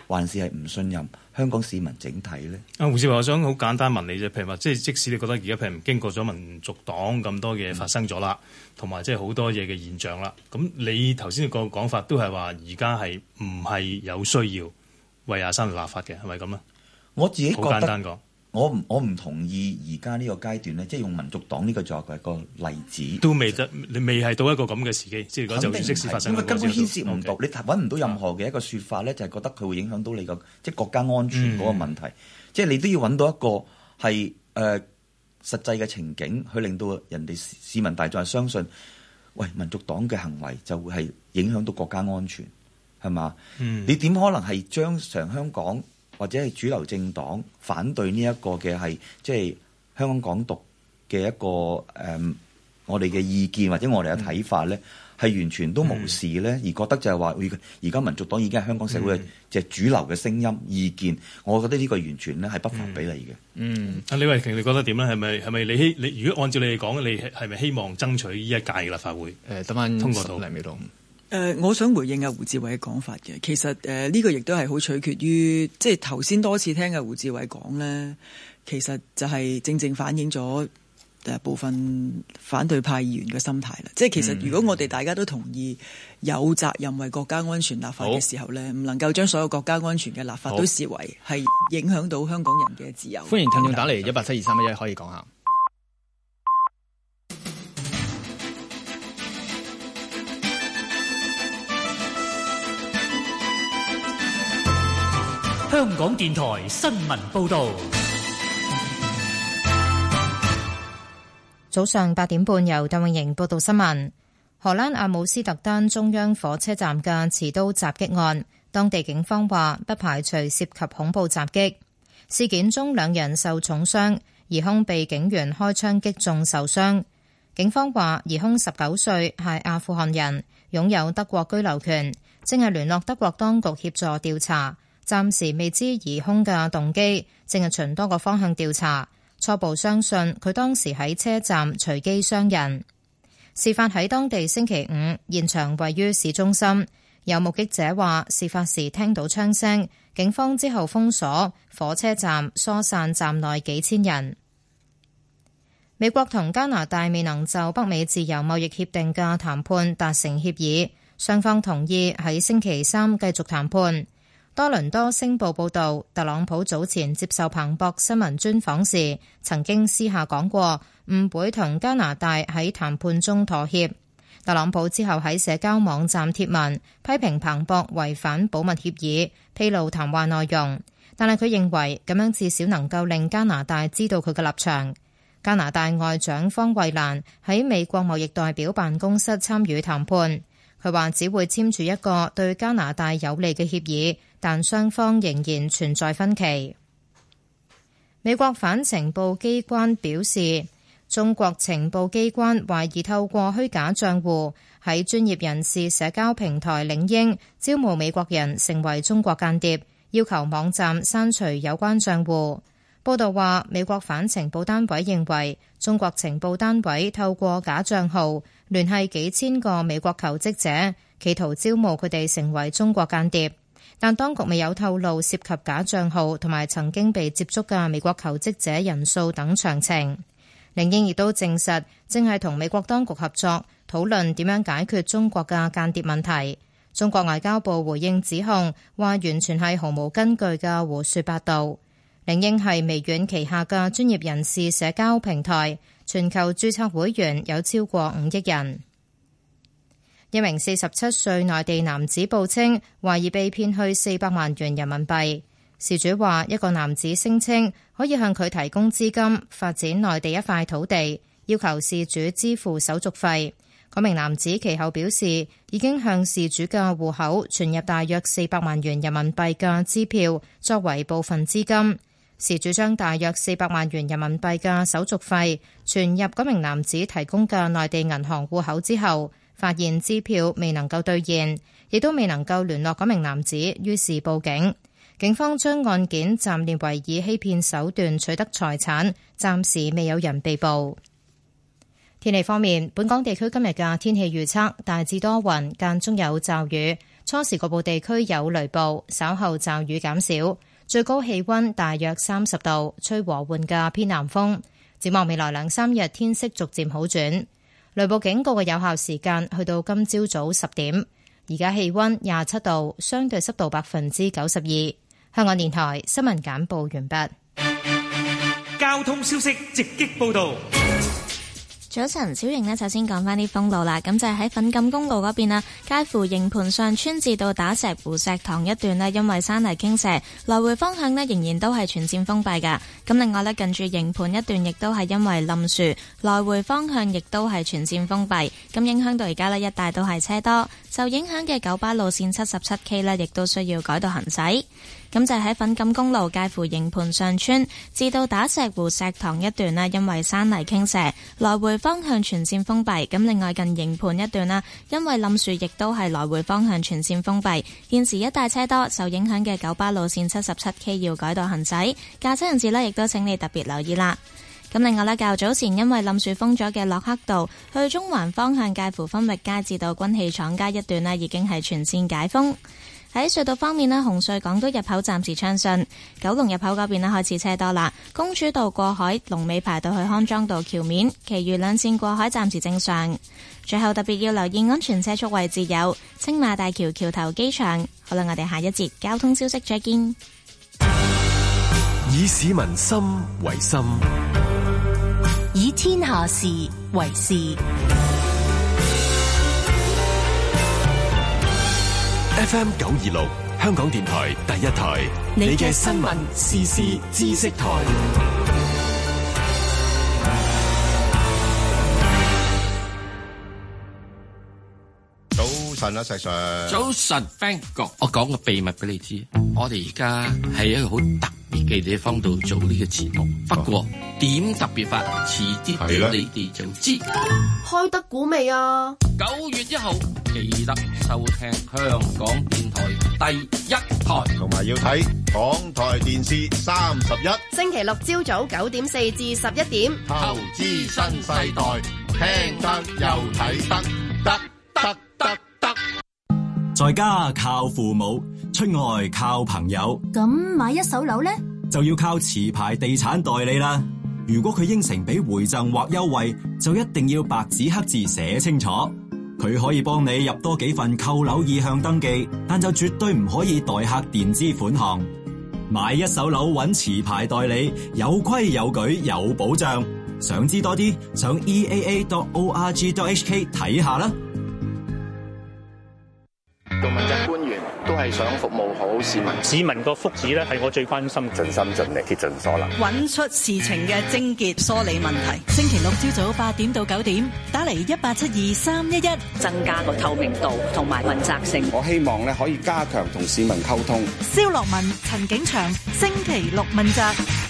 A: 還是係唔信任？香港市民整體咧，
C: 啊胡志偉，我想好簡單問你啫，譬如話，即係即使你覺得而家譬如經過咗民族黨咁多嘢發生咗啦，同埋即係好多嘢嘅現象啦，咁你頭先個講法都係話而家係唔係有需要為23條立法嘅，係咪咁啊？
A: 我自己好簡單講。我唔我唔同意而家呢個階段咧，即係用民族黨呢個作為一個例子，都未
C: 得，你未係到一個咁嘅時機，先嚟講就正式發生。因為根本牽涉唔
A: 到，okay。你揾唔到任何嘅一個説法咧，okay。就係覺得佢會影響到你個即係國家安全嗰個問題。即係你都要揾到一個係誒、呃、實際嘅情景，去令到人哋市民大眾係相信，喂，民族黨嘅行為就會係影響到國家安全，係嘛、嗯？你點可能係將常香港？或者係主流政黨反對呢一個嘅係即係香港港獨嘅一個誒、呃，我哋嘅意見或者我哋嘅睇法咧，係、嗯、完全都無視咧、嗯，而覺得就係話而家民族黨已經係香港社會嘅即係主流嘅聲音意見，我覺得呢個完全咧係不憤比例嘅。
C: 嗯，阿、嗯嗯、李慧瓊你覺得點咧？係咪係咪你希？你如果按照你哋講，你係咪希望爭取呢一屆嘅立法會？
F: 誒、呃，
E: 等翻
C: 通過到。嗯
F: 誒、呃，我想回應阿胡志偉嘅講法嘅，其實誒呢、呃呢個亦都係好取決於，即係頭先多次聽阿胡志偉講呢，其實就係正正反映咗部分反對派議員嘅心態啦。即係其實如果我哋大家都同意有責任為國家安全立法嘅時候呢，唔能夠將所有國家安全嘅立法都視為係影響到香港人嘅自由。歡迎聽眾打
E: 嚟一八七二三一一可以講下。
C: 香港電台新聞報道，
B: 早上八點半由鄧穎瑩報道新聞。荷蘭阿姆斯特丹中央火車站嘅持刀襲擊案，當地警方話不排除涉及恐怖襲擊事件中，兩人受重傷，疑兇被警員開槍擊中受傷。警方話疑兇十九歲，係阿富汗人，擁有德國居留權，正係聯絡德國當局協助調查。暫時未知疑兇嘅動機，正係循多個方向調查。初步相信佢當時喺車站隨機傷人。事發喺當地星期五，現場位於市中心。有目擊者話，事發時聽到槍聲，警方之後封鎖火車站，疏散站內幾千人。美國同加拿大未能就北美自由貿易協定嘅談判達成協議，雙方同意喺星期三繼續談判。多倫多星報報道，特朗普早前接受彭博新聞專訪時，曾經私下講過唔會同加拿大喺談判中妥協。特朗普之後喺社交網站貼文批評彭博違反保密協議，披露談話內容，但係佢認為咁樣至少能夠令加拿大知道佢嘅立場。加拿大外長方慧蘭喺美國貿易代表辦公室參與談判，佢話只會簽署一個對加拿大有利嘅協議。但雙方仍然存在分歧。美國反情報機關表示，中國情報機關懷疑透過虛假賬戶喺專業人士社交平台領英招募美國人成為中國間諜，要求網站刪除有關賬戶。報道話，美國反情報單位認為中國情報單位透過假賬號聯繫幾千個美國求職者，企圖招募佢哋成為中國間諜。但當局未有透露涉及假帳號同埋曾經被接觸嘅美國求職者人數等詳情。領英亦都證實，正係同美國當局合作討論點樣解決中國嘅間諜問題。中國外交部回應指控，話完全係毫無根據嘅胡説八道。領英係微軟旗下嘅專業人士社交平台，全球註冊會員有超過五億人。一名四十七歲內地男子報稱，懷疑被騙去四百萬元人民幣。事主話，一個男子聲稱可以向佢提供資金發展內地一塊土地，要求事主支付手續費。嗰名男子其後表示，已經向事主嘅戶口存入大約四百萬元人民幣嘅支票作為部分資金。事主將大約四百萬元人民幣嘅手續費存入嗰名男子提供嘅內地銀行戶口之後。發現支票未能夠兌現，亦都未能夠聯絡嗰名男子，於是報警。警方將案件暫列為以欺騙手段取得財產，暫時未有人被捕。天氣方面，本港地區今日嘅天氣預測大致多雲，間中有驟雨，初時局部地區有雷暴，稍後驟雨減少，最高氣溫大約三十度，吹和緩嘅偏南風。展望未來兩三日，天色逐漸好轉。雷暴警告嘅有效時間去到今朝早十點。而家氣溫廿七度，相對濕度百分之九十二。香港電台新聞簡報完畢。
C: 交通消息直擊報道。
D: 早
B: 晨，小瑩呢，首先講翻啲
D: 封路啦。咁就係喺粉錦公路嗰邊啦，介乎營盤上村至到打石湖石塘一段啦，因為山泥傾瀉，來回方向呢仍然都係全線封閉噶。咁另外呢，近住營盤一段亦都係因為冧樹，來回方向亦都係全線封閉。咁影響到而家呢，一帶都係車多，受影響嘅九巴路線七十七 K 呢，亦都需要改道行駛。咁就喺粉錦公路介乎營盤上村至到打石湖石塘一段啦，因為山泥傾瀉，來回方向全綫封閉。咁另外近營盤一段啦，因為冧樹亦都係來回方向全綫封閉，現時一帶車多，受影響嘅九巴路綫七十七 K 要改道行駛。駕車人士呢，亦都請你特別留意啦。咁另外呢，較早前因為冧樹封咗嘅洛克道去中環方向介乎分域街至到軍器廠街一段啦，已經係全綫解封。喺隧道方面呢，紅隧港島入口暫時暢順，九龍入口嗰邊咧，開始車多啦。公主道過海龍尾排到去康莊道橋面，其餘兩線過海暫時正常。最後特別要留意安全車速位置有青馬大橋橋頭機場。好啦，我哋下一節交通消息再見。
E: 以市民心
D: 為心，以天下事為事。
E: FM 九二六，香港電台第一台，你嘅新聞時事知識台。早晨啊，石 Sir。早晨，Thank you。我講個秘密俾你知，我哋而家係一個好特。.記者方度做呢個節目，啊、不過點特別法，遲啲你哋就知。
D: 開得估未
B: 啊？
E: 九月一號記得收聽香港電台第一台，同埋要睇港台電視三十一。
B: 星期六朝早九點四至十一點，投資新世代，聽得又睇得，得得得
A: 得。在家靠父母。出外靠朋友，
D: 咁買一手樓咧，
A: 就要靠持牌地產代
E: 理啦。如果佢應承俾回贈或優惠，就一定要白紙黑字寫
A: 清楚。佢可以幫你入多幾份購樓意向登記，但就絕對唔可以代客墊資款項。買一手樓揾持牌代理，有規
E: 有矩有保障。想知多啲，上 eaa.org.hk 睇下啦。係想服務好市民，市民個福祉咧係我最關心，盡心盡力，竭盡所能，
D: 揾出事情嘅症結，梳理問題。星期六朝早八點到九點，打嚟一八七二三一一，增加個透明度同埋問責性。
E: 我希望咧可以加強同市民溝通。
D: 蕭樂文、陳景祥，星期六問責。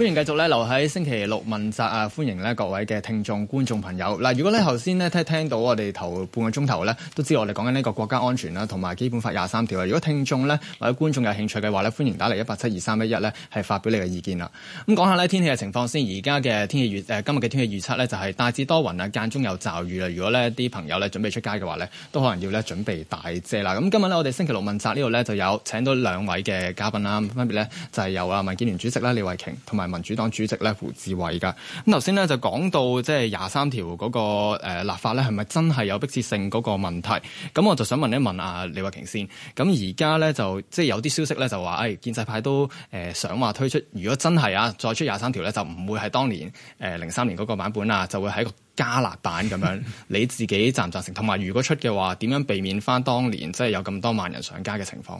E: 歡迎繼續咧，留喺星期六問責啊！歡迎咧各位嘅聽眾、觀眾朋友。嗱，如果咧頭先咧聽聽到我哋頭半個鐘頭咧，都知道我哋講緊呢個國家安全啦，同埋基本法廿三條啊！如果聽眾咧或者觀眾有興趣嘅話咧，歡迎打嚟一八七二三一一咧，係發表你嘅意見啦。咁講下呢天氣嘅情況先。而家嘅天氣預誒今日嘅天氣預測咧，就係大致多雲啊，間中有驟雨啦。如果呢啲朋友咧準備出街嘅話咧，都可能要咧準備大遮啦。咁今日呢，我哋星期六問責呢度咧就有請到兩位嘅嘉賓啦，分別咧就係由啊民建聯主席啦李慧瓊同埋，民主黨主席咧胡志偉噶咁頭先咧就講到即係廿三條嗰個誒立法咧係咪真係有迫切性嗰個問題？咁我就想問一問啊李慧瓊先咁而家咧就即係有啲消息咧就話誒建制派都誒想話推出，如果真係啊再出廿三條咧，就唔會係當年誒零三年嗰個版本啊，就會係一個加辣版咁樣。 你自己贊唔贊成？同埋如果出嘅話，點樣避免翻當年即係有咁多萬人上街嘅情況？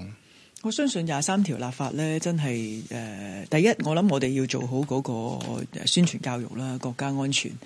F: 我相信廿三條立法咧，真係誒第一，我諗我哋要做好嗰個宣傳教育啦，國家安全。誒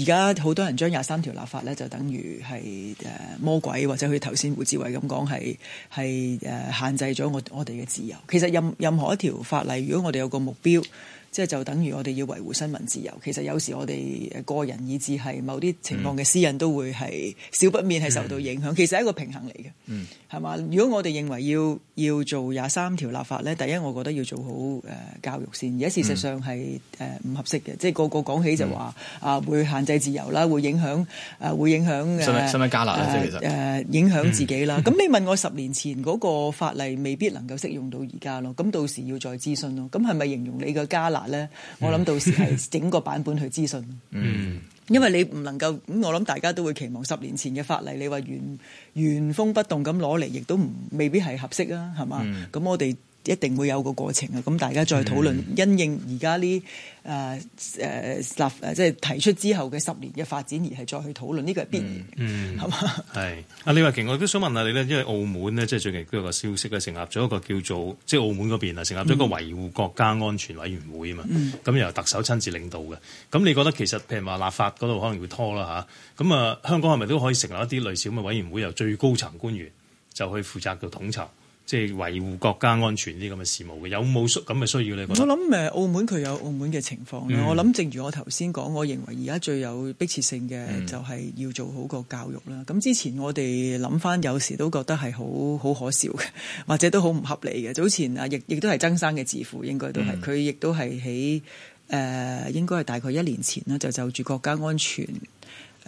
F: 而家好多人將廿三條立法咧，就等於係誒魔鬼，或者佢頭先胡志偉咁講係係誒限制咗我我哋嘅自由。其實任任何一條法例，如果我哋有個目標，即係就等於我哋要維護新聞自由。其實有時我哋誒個人以至係某啲情況嘅私隱都會係少不免係受到影響。嗯、其實係一個平衡嚟嘅。嗯。係嘛？如果我哋認為要要做廿三條立法咧，第一我覺得要做好誒、呃、教育先。而家事實上係誒唔合適嘅，即係個個講起就話、是、啊、嗯呃、會限制自由啦，會影響誒會、呃呃、影響。新加納咧，係其實誒影響自己啦。咁、嗯、你問我十年前嗰個法例未必能夠適用到而家咯。咁到時要再諮詢咯。咁係咪形容你嘅加納咧？嗯、 我諗到時係整個版本去諮詢。嗯。因為你唔能夠，咁我諗大家都會期望十年前嘅法例，你話原原封不動咁攞嚟，亦都唔未必係合適啊，係咪？咁、嗯、我哋，一定會有個過程啊！咁大家再討論，嗯、因應而家呢誒誒立即係提出之後嘅十年嘅發展而係再去討論，呢個係必然，係、嗯、嘛？
C: 係、嗯、啊，李慧瓊，我都想問下你咧，因為澳門呢，即係最近都有個消息咧，成立咗一個叫做即係澳門嗰邊啊，成立咗一個維護國家安全委員會啊嘛，咁、嗯、由特首親自領導嘅。咁你覺得其實譬如話立法嗰度可能會拖啦嚇，咁啊香港係咪都可以成立一啲類似咁嘅委員會，由最高層官員就去負責叫統籌？即係維護國家安全呢咁嘅事務嘅，有冇咁嘅需要你咧？我諗
F: 誒，澳門佢有澳門嘅情況、嗯、我諗正如我頭先講，我認為而家最有迫切性嘅就係要做好個教育啦。咁、嗯、之前我哋諗翻，有時都覺得係好好可笑嘅，或者都好唔合理嘅。早前啊，亦亦都係曾生嘅自負，應該都係佢亦都係喺誒，應該係、嗯呃、大概一年前啦，就就住國家安全。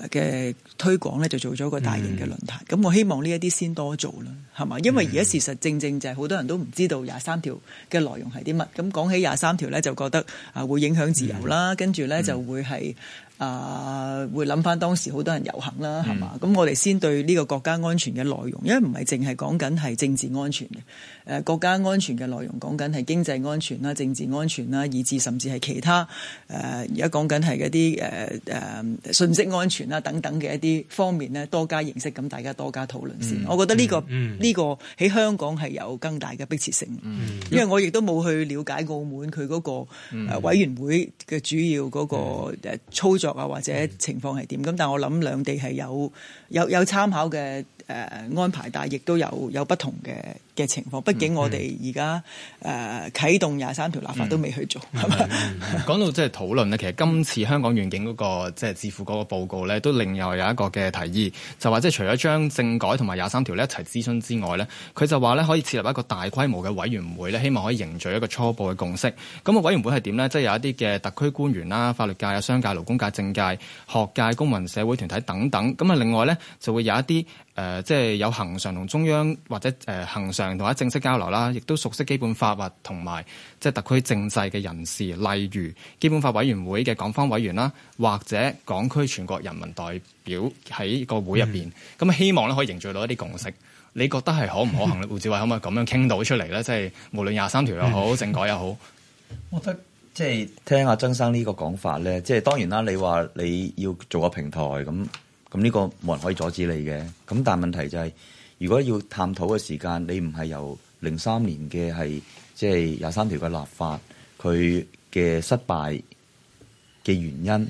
F: 嘅推廣咧就做咗個大型嘅論壇，咁、嗯、我希望呢一啲先多做啦，係嘛？因為而家事實正正就係好多人都唔知道廿三條嘅內容係啲乜，咁講起廿三條咧就覺得啊會影響自由啦、嗯，跟住咧就會係。啊，會諗翻當時好多人遊行啦，係嘛？咁、嗯、我哋先對呢個國家安全嘅內容，因為唔係淨係講緊係政治安全嘅。誒、呃、國家安全嘅內容講緊係經濟安全啦、政治安全啦，以至甚至係其他誒而家講緊係一啲誒誒信息安全啦等等嘅一啲方面咧，多加認識，咁大家多加討論先嗯、我覺得呢、呢個呢、嗯呢個喺香港係有更大嘅迫切性、嗯，因為我亦都冇去了解澳門佢嗰個委員會嘅主要嗰個誒操作。啊，或者情況係點咁？但係我諗，兩地係有有有參考嘅。誒安排大，但係亦都有有不同嘅嘅情況。畢竟我哋而家誒啟動廿三條立法都未去做。
E: 講、嗯嗯嗯嗯、到即係討論呢，其實今次香港願景嗰、那個即係智庫嗰個報告咧，都另外有一個嘅提議，就話即係除咗將政改同埋廿三條一齊諮詢之外咧，佢就話咧可以設立一個大規模嘅委員會咧，希望可以凝聚一個初步嘅共識。咁個委員會係點咧？即、就、係、是、有一啲嘅特區官員啦、法律界、商界、勞工界、政界、學界、公民社會團體等等。咁啊，另外咧就會有一啲。誒、呃，即係有恒常同中央或者誒恒、呃、常同或正式交流啦，亦都熟悉基本法或同埋即係特區政制嘅人士，例如基本法委員會嘅港方委員啦、啊，或者港區全國人民代表喺個會入邊，咁、嗯、希望咧可以凝聚到一啲共識。你覺得係可唔可行？ 胡志偉可唔可以咁樣傾到出嚟咧？即係無論廿三條又好、嗯、政改又好，
A: 我覺得即係聽阿曾生呢個講法咧，即、就、係、是、當然啦。你話你要做個平台咁。咁、這、呢個冇人可以阻止你嘅，咁但係問題就係、是，如果要探討嘅時間，你唔係由零三年嘅係即係廿三條嘅立法佢嘅失敗嘅原因，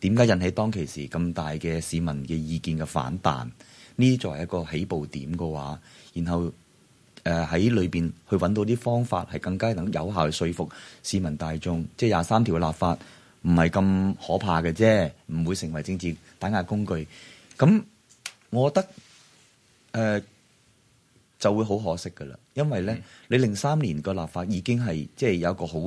A: 點解引起當其時咁大嘅市民嘅意見嘅反彈？呢啲作為一個起步點嘅話，然後喺裏面去揾到啲方法，係更加能有效去說服市民大眾，即係廿三條嘅立法。唔係咁可怕嘅啫，唔會成為政治打壓工具。咁我覺得誒、呃、就會好可惜噶啦，因為咧、嗯、你零三年個立法已經係即係有一個好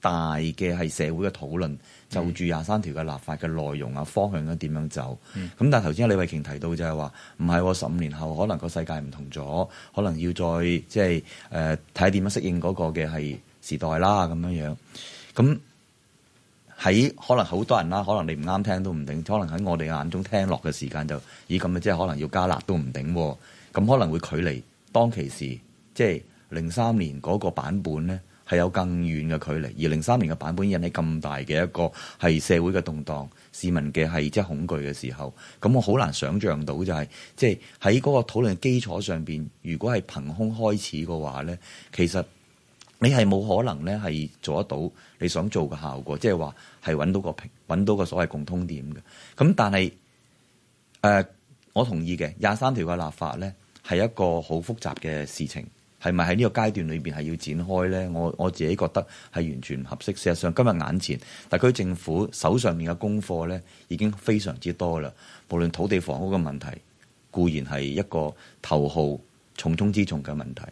A: 大嘅係社會嘅討論，就住廿三條嘅立法嘅內容啊、方向啊點樣走。咁、嗯、但係頭先李慧瓊提到就係話唔係，十五、哦、年後可能個世界唔同咗，可能要再即係誒睇點樣適應嗰個嘅係時代啦咁樣樣。咁喺可能好多人啦，可能你唔啱聽都唔定，可能喺我哋眼中聽落嘅時間就，咦咁啊，即係可能要加辣都唔定，啊，咁可能會距離當其時即係零三年嗰個版本咧，係有更遠嘅距離，而零三年嘅版本引起咁大嘅一個係社會嘅動盪，市民嘅係即係恐懼嘅時候，咁我好難想象到就係即係喺嗰個討論嘅基礎上邊，如果係憑空開始嘅話咧，其實你係冇可能咧係做得到你想做嘅效果，即係話。係揾到個平揾到個所謂共通點嘅，咁但係，誒、呃，我同意嘅廿三條嘅立法咧，係一個好複雜嘅事情，係咪喺呢個階段裏邊係要展開咧？我我自己覺得係完全唔合適。事實上，今日眼前，特區政府手上面嘅功課咧，已經非常之多啦。無論土地、房屋嘅問題，固然係一個頭號重中之重嘅問題。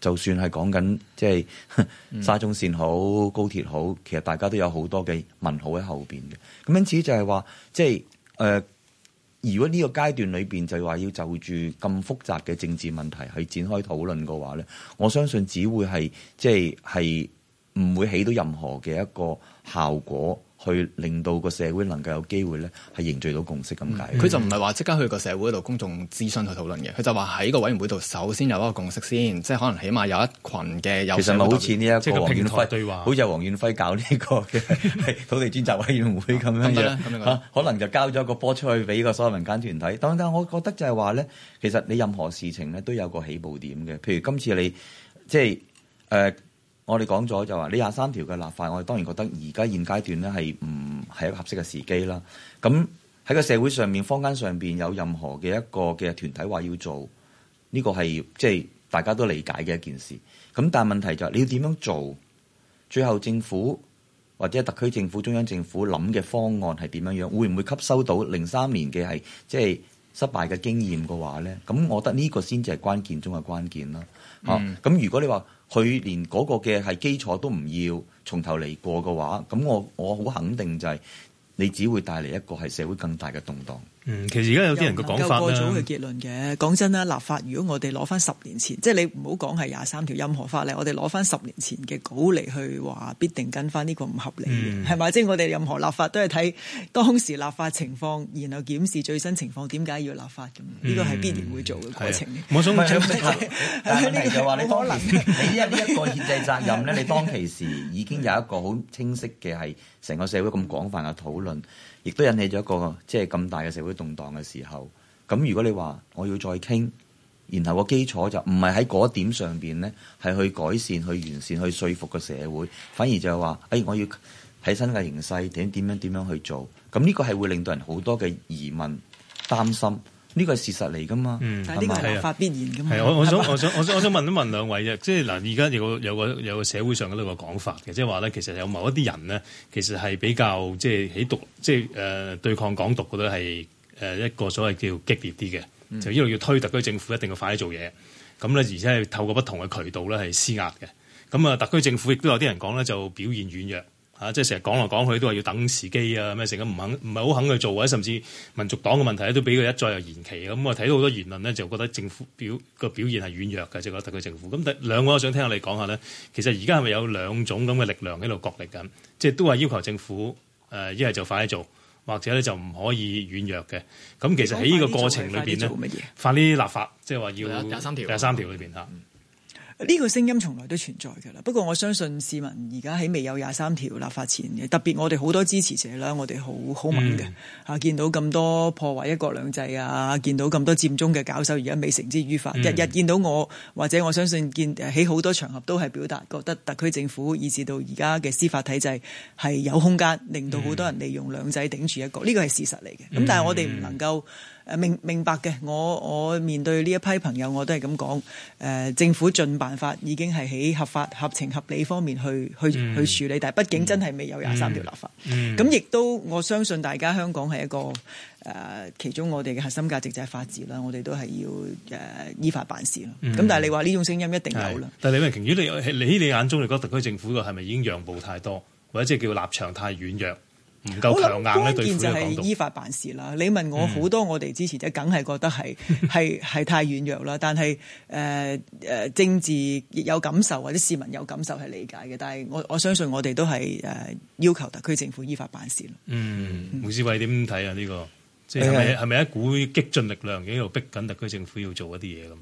A: 就算係講緊即係沙中線好、高鐵好，其實大家都有好多嘅問號喺後邊嘅。咁因此就係話，即係誒，如果呢個階段裏邊就話要就住咁複雜嘅政治問題去展開討論嘅話咧，我相信只會係即係係唔會起到任何嘅一個效果。去令到個社會能夠有機會咧，係凝聚到共識咁解。佢、嗯、就唔係話即刻去個
E: 社會度公眾諮詢去討論嘅，佢就話喺個委員會度首先有一個共識先，即係可能起碼有
A: 一群嘅有。其實咪好似呢一個即平台對話，好似係黃遠輝搞呢個嘅土地專責委員會咁樣， 樣、啊樣樣啊、可能就交咗個波出去俾個所有民間團體。當但我覺得就係話咧，其實你任何事情咧都有個起步點嘅。譬如今次你即係誒。呃我哋講咗就話、是，你廿三條嘅立法，我哋當然覺得而家現階段咧係唔係一個合適嘅時機啦。咁喺個社會上面、坊間上邊有任何嘅一個嘅團體話要做呢、這個係，即、就、係、是、大家都理解嘅一件事。咁但係問題就係、是、你要點樣做？最後政府或者特區政府、中央政府諗嘅方案係點樣樣？會唔會吸收到零三年嘅係即係失敗嘅經驗嘅話咧？咁我覺得呢個先至係關鍵中嘅關鍵啦。
B: 嚇、嗯！
A: 咁、啊、如果你話，佢連嗰個嘅係基礎都唔要，從頭嚟過嘅話，咁我我好肯定就係你只會帶嚟一個係社會更大嘅動蕩。
C: 嗯，其實而家有啲人嘅講
A: 法啦，夠過早嘅結
F: 論嘅。講真啦，立法如果我哋攞翻十年前，即係你唔好講係廿三條任何法例，我哋攞翻十年前嘅稿嚟去話必定跟翻呢個唔合理係咪？即、嗯、係、就係、我哋任何立法都係睇當時立法情況，然後檢視最新情況，點解要立法咁？呢個係必定會做嘅過程冇想冇錯。不 但係問題就係話你，你當可能，你因呢一個憲制責任咧， 你
A: 當其時已經有一個好清晰嘅係成個社會咁廣泛嘅討論。亦都引起咗一個即係咁大嘅社會動盪嘅時候，咁如果你話我要再傾，然後個基礎就唔係喺嗰點上邊呢，係去改善、去完善、去說服個社會，反而就係話，哎，我要喺新嘅形勢點點樣點樣去做，咁呢個係會令到人好多嘅疑問、擔心。呢個係事實嚟噶嘛，但係呢個係法必然噶嘛。係我我想我想我想我想，我想問一問兩
C: 位嘅，即係嗱，而家有，有個有個有個社會上嘅一個講法嘅，即係話咧，其實有某一啲人咧，其實係比較即係起獨即係誒、呃、對抗港獨，覺得係誒一個所謂叫激烈啲嘅、嗯，就一路要推特區政府一定要快啲做嘢咁咧，而且係透過不同嘅渠道咧係施壓嘅。咁啊，特區政府亦都有啲人講咧，就表現軟弱。啊！即係成日講來講去都話要等時機啊，咩成日唔肯，唔係好肯去做，或者甚至民族黨嘅問題都俾佢一再又延期，咁我睇到好多言論呢，就覺得政府表個表現係軟弱嘅，就覺得特區政府。咁第兩個，我想聽、聽你下你講下呢，其實而家係咪有兩種咁嘅力量喺度角力緊？即係都係要求政府誒，一係就快啲做，或者咧就唔可以軟弱嘅。咁其實喺呢個過程裏邊咧，發啲立法，即係話要廿三條裡面，廿三條裏邊嚇。嗯
F: 呢、這個聲音從來都存在㗎啦，不過我相信市民而家喺未有廿三條立法前，特別我哋好多支持者啦，我哋好好猛嘅嚇，見到咁多破壞一國兩制啊，見到咁多佔中嘅搞手而家未成之於法，日、嗯、日見到我或者我相信見喺好多場合都係表達覺得特區政府以至到而家嘅司法體制係有空間令到好多人利用兩制頂住一、這個，呢個係事實嚟嘅。咁、嗯、但係我哋唔能夠。誒明明白嘅，我我面對呢一批朋友我都係咁講，誒、呃、政府盡辦法已經係喺合法、合情、合理方面去去、嗯、去處理，但係畢竟真係未有廿三條立法，咁、嗯、亦、嗯、都我相信大家香港係一個誒、呃、其中我哋嘅核心價值就係法治啦，我哋都係要誒、呃、依法辦事咯。咁、嗯、但係你話呢種聲音一定有啦。
C: 但係李慧瓊，如果你喺你眼中，你覺得特區政府個係咪已經讓步太多，或者即係叫立場太軟弱？唔夠強硬呢對佢嚟講，關鍵就係依法
F: 辦事啦。嗯，你問我好多，我哋支持者梗係覺得係係係太軟弱啦。但係誒誒政治有感受或者市民有感受係理解嘅。但係我我相信我哋都係誒要求特區政府
C: 依法辦事咯。
A: 嗯，胡
C: 志偉點睇啊？呢個即係係咪一股激進力量喺度逼緊特區政府要做一啲嘢咁？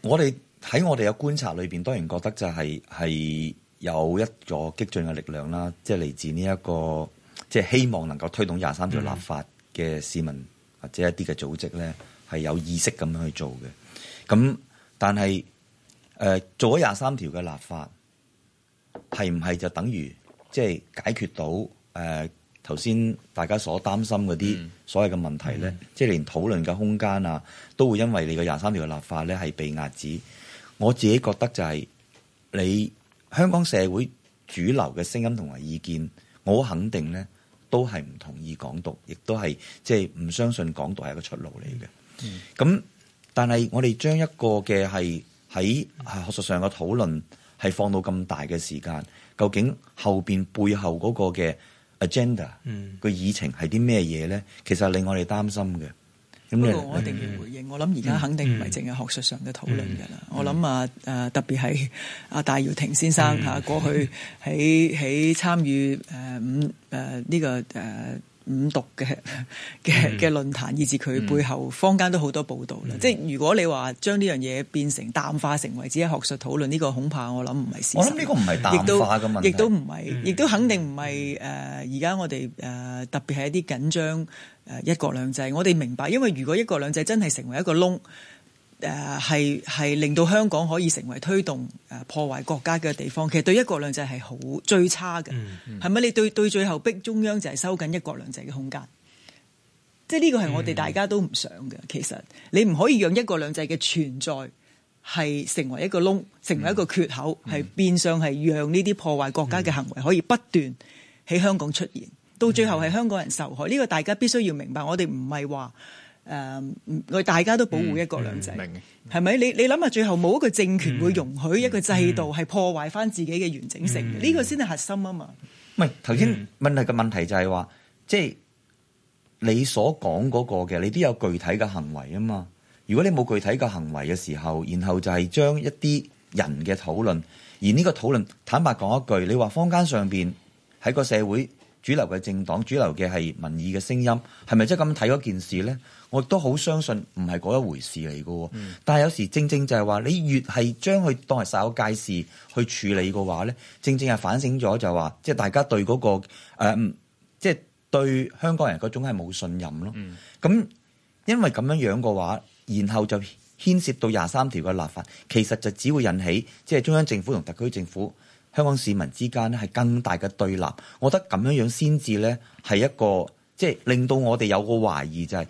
A: 我哋喺我哋嘅觀察裏邊，當然覺得就係、係、係有一個激進嘅力量啦，即係嚟自呢、呢、一個。即係希望能夠推動廿三條立法嘅市民或者一啲嘅組織咧，係有意識咁樣去做嘅。咁但係誒、呃、做咗廿三條嘅立法，係唔係就等於即係、就是、解決到誒頭先大家所擔心嗰啲所謂嘅問題咧、嗯？即係連討論嘅空間啊，都會因為你嘅廿三條嘅立法咧係被壓制。我自己覺得就係、是、你香港社會主流嘅聲音同埋意見，我肯定咧。都係唔同意港獨，亦都係即係唔相信港獨係一個出路嚟嘅。咁、嗯，但係我哋將一個嘅係喺學術上嘅討論，係放到咁大嘅時間，究竟後邊背後嗰個嘅 agenda，個、嗯、議程係啲咩嘢咧？其實係令我哋擔心嘅。不過，我一
F: 定要回應。嗯、我諗而家肯定唔係淨係學術上的討論嘅、嗯嗯、我諗啊、呃，特別係戴耀廷先生嚇、嗯，過去喺參與五呢、呃呃這個、呃五毒嘅嘅嘅論壇，嗯、以至佢背後坊間都好多報道啦、嗯。即係如果你話將呢樣嘢變成淡化成為自己學術討論，呢、呢個恐怕我諗唔係事實。我諗呢個唔係淡化嘅問題，亦都唔係亦都肯定唔係誒。而、呃、家我哋誒、呃、特別係一啲緊張、呃、一國兩制。我哋明白，因為如果一國兩制真係成為一個窿。誒係係令到香港可以成為推動、呃、破壞國家嘅地方，其實對一國兩制係好最差嘅，係、嗯、咪、嗯、你對、對最後逼中央就係收緊一國兩制嘅空間？即係呢個係我哋大家都唔想嘅、嗯。其實你唔可以讓一國兩制嘅存在係成為一個窿，成為一個缺口，係、嗯、變相係讓呢啲破壞國家嘅行為可以不斷喺香港出現，嗯、到最後係香港人受害。呢、呢個大家必須要明白，我哋唔係話。誒、um，我大家都保護一國兩制，係、嗯、咪、嗯？你你諗下，最後冇一個政權會容許一個制度係破壞翻自己嘅完整性呢、嗯，呢個先係核心啊嘛。
A: 唔係頭先問題嘅問題就係話，即、就、係、係、你所講嗰、嗰個嘅，你都有具體嘅行為啊嘛。如果你冇具體嘅行為嘅時候，然後就係將一啲人嘅討論，而呢個討論坦白講一句，你話坊間上邊喺個社會主流嘅政黨、主流嘅係民意嘅聲音，係咪即係咁睇嗰件事咧？我都好相信唔係嗰一回事嚟嘅、嗯，但係有時正正就係話你越係將佢當係煞有介事去處理嘅話咧，正正係反省咗就話，即、就、係、是、大家對嗰、那個即係、呃就是、對香港人嗰種係冇信任咯。咁、嗯、因為咁樣樣嘅話，然後就牽涉到廿三條嘅立法，其實就只會引起即係、就是、中央政府同特區政府香港市民之間咧係更大嘅對立。我覺得咁樣樣先至咧係一個即係、就是、令到我哋有個懷疑就係、是。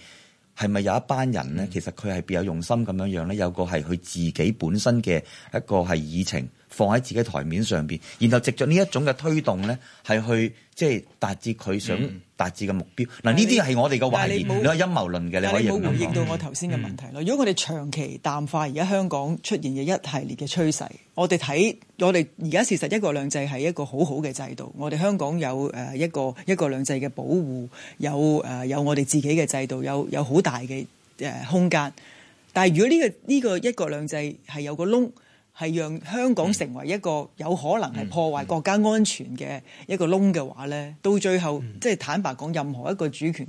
A: 係咪有一班人咧？其實，佢係別有用心咁樣樣咧，有個，係佢自己本身嘅一個，係議程。放喺自己台面上邊，然後藉着呢一種嘅推動咧，係去即係達至佢想達至嘅目標。嗱、嗯，呢啲係我哋嘅懷疑，你有陰謀論嘅，你可以咁講，但你冇回應到我
F: 頭先嘅問題咧、嗯？如果我哋長期淡化而家香港出現嘅一系列嘅趨勢，我哋睇我哋而家事實一國兩制係一個好好嘅制度。我哋香港有誒一個一國兩制嘅保護，有誒有我哋自己嘅制度，有有好大嘅誒空間。但係如果呢個呢個一國兩制係有個窿。係讓香港成為一個有可能係破壞國家安全嘅一個窿嘅話咧，到最後即係坦白講，任何一個主權誒，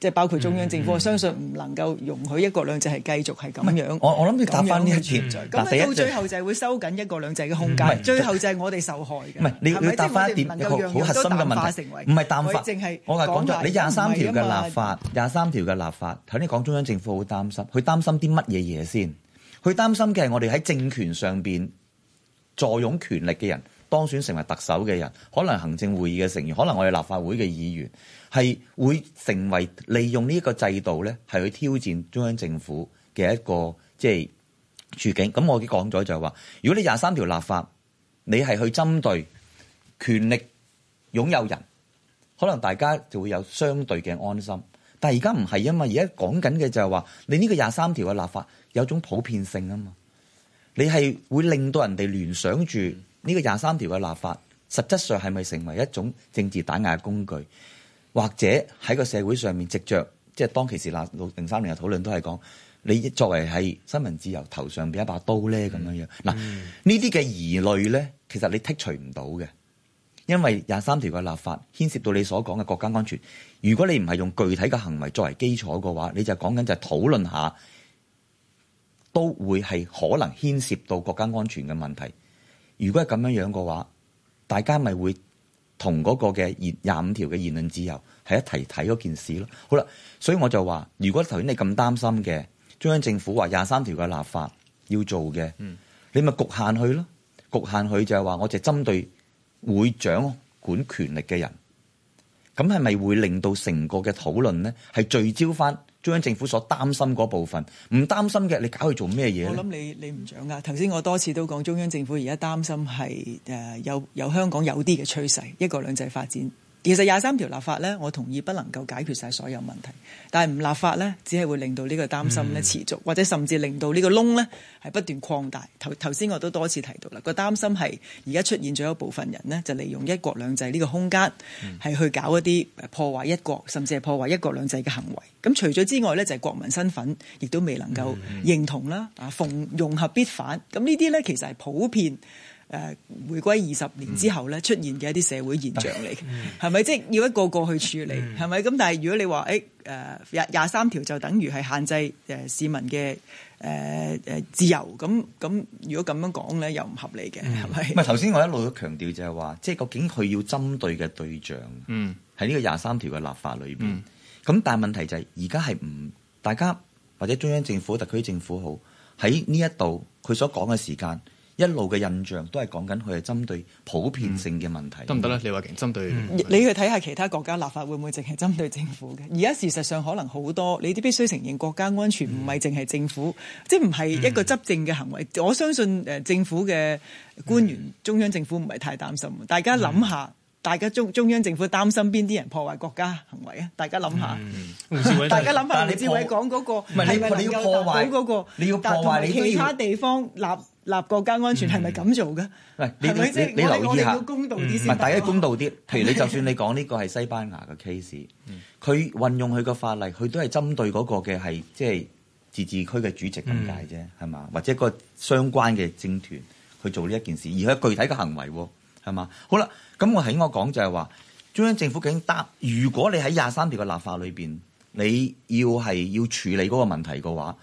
F: 即係包括中央政府，我相信唔能夠容許一國兩制係繼續係咁樣。我
A: 我諗要答返呢一條在，咁啊到最後
F: 就係會收緊一國兩制嘅空間，最後就係我哋受害
A: 嘅。唔係，你要要答返一點一個好核心嘅問題，唔係淡化，淨係我話講咗你廿三條嘅立法，廿三條嘅立法，頭先講中央政府好擔心，佢擔心啲乜嘢嘢先？佢擔心嘅係我哋喺政權上面，坐擁權力嘅人當選成為特首嘅人，可能行政會議嘅成員，可能我哋立法會嘅議員，係會成為利用呢一個制度咧，係去挑戰中央政府嘅一個即係處境。咁我已經講咗就係話，如果你廿三條立法，你係去針對權力擁有人，可能大家就會有相對嘅安心。但係而家唔係啊嘛，而家講緊嘅就係話，你呢個廿三條嘅立法。有種普遍性啊嘛，你係會令到人哋聯想住呢個廿三條嘅立法，實質上係咪成為一種政治打壓嘅工具，或者喺個社會上面直着即係當其時那零三年嘅討論都係講，你作為係新聞自由頭上邊一把刀咧咁樣樣。嗱、嗯，呢啲嘅疑慮咧，其實你剔除唔到嘅，因為廿三條嘅立法牽涉到你所講嘅國家安全。如果你唔係用具體嘅行為作為基礎嘅話，你就講緊就係討論下。都會係可能牽涉到國家安全嘅問題。如果係咁樣樣嘅話，大家咪會同嗰個嘅廿五條嘅言論自由係一齊睇嗰件事咯。好啦，所以我就話，如果頭先你咁擔心嘅中央政府話廿三條嘅立法要做嘅，你咪局限去咯。局限去就係話，我就針對會掌管權力嘅人。咁係咪會令到成個嘅討論咧係聚焦翻？中央政府所擔心嗰部分，唔擔心嘅，你搞去做咩嘢？我諗
F: 你你唔掌握。頭先我多次都講，中央政府而家擔心係誒有有香港有啲嘅趨勢，一國兩制發展。其實廿三條立法咧，我同意不能夠解決晒所有問題。但係唔立法咧，只係會令到呢個擔心咧持續，mm-hmm. 或者甚至令到個呢個窿咧係不斷擴大。頭頭先我都多次提到啦，個擔心係而家出現咗一部分人呢，就利用一國兩制呢個空間係、mm-hmm. 去搞一啲破壞一國，甚至係破壞一國兩制嘅行為。咁除咗之外咧，就係、是、國民身份亦都未能夠認同啦。啊、mm-hmm.，逢融合必反。咁呢啲咧其實係普遍。誒，回歸二十年之後咧，出現嘅一啲社會現象嚟嘅，係、嗯、咪？即係、就是、要一個個去處理，係、嗯、咪？咁但係如果你話，誒、欸，誒、呃，廿廿三條就等於係限制
A: 市民嘅誒、呃、自由，咁咁，如果咁樣講咧，又唔合理嘅，係、嗯、咪？唔係頭先我一路都強調就係話，即、就、係、是、究竟佢要針對嘅對象，喺、嗯、呢個廿三條嘅立法裏面。咁、嗯、但係問題就係而家係唔，大家或者中央政府、特區政府好喺呢一度佢所講嘅時間。一路嘅印象都係講緊佢係針對普遍性嘅問題，得唔得咧？李慧瓊，針對、嗯、你去睇下其
F: 他國家立法會唔會淨係針對政府嘅？而家事實上可能好多，你啲必須承認國家安全唔係淨係政府，嗯、即係唔係一個執政嘅行為、嗯。我相信誒政府嘅官員、嗯，中央政府唔係太擔心，大家諗下、嗯，大家中中央政府擔心邊啲人破壞國家行為啊？大家諗下，嗯、 大家諗下，胡志偉講嗰個係唔係有破壞嗰個你？你要破壞有其他地方立。你要破立國家安全係咪咁做㗎？唔
A: 你是是你、就是、你留意下公道啲先，唔、嗯、係大家公道啲。譬如你就算你講呢個係西班牙嘅 case，佢運用佢個法例，佢都係針對嗰個嘅係即係自治區嘅主席咁解啫，係、嗯、嘛？或者個相關嘅政團去做呢一件事，而佢具體嘅行為係、啊、嘛？好啦，咁我喺我講就係話中央政府竟然答，如果你喺廿三條嘅立法裏邊，你要係要處理嗰個問題嘅話。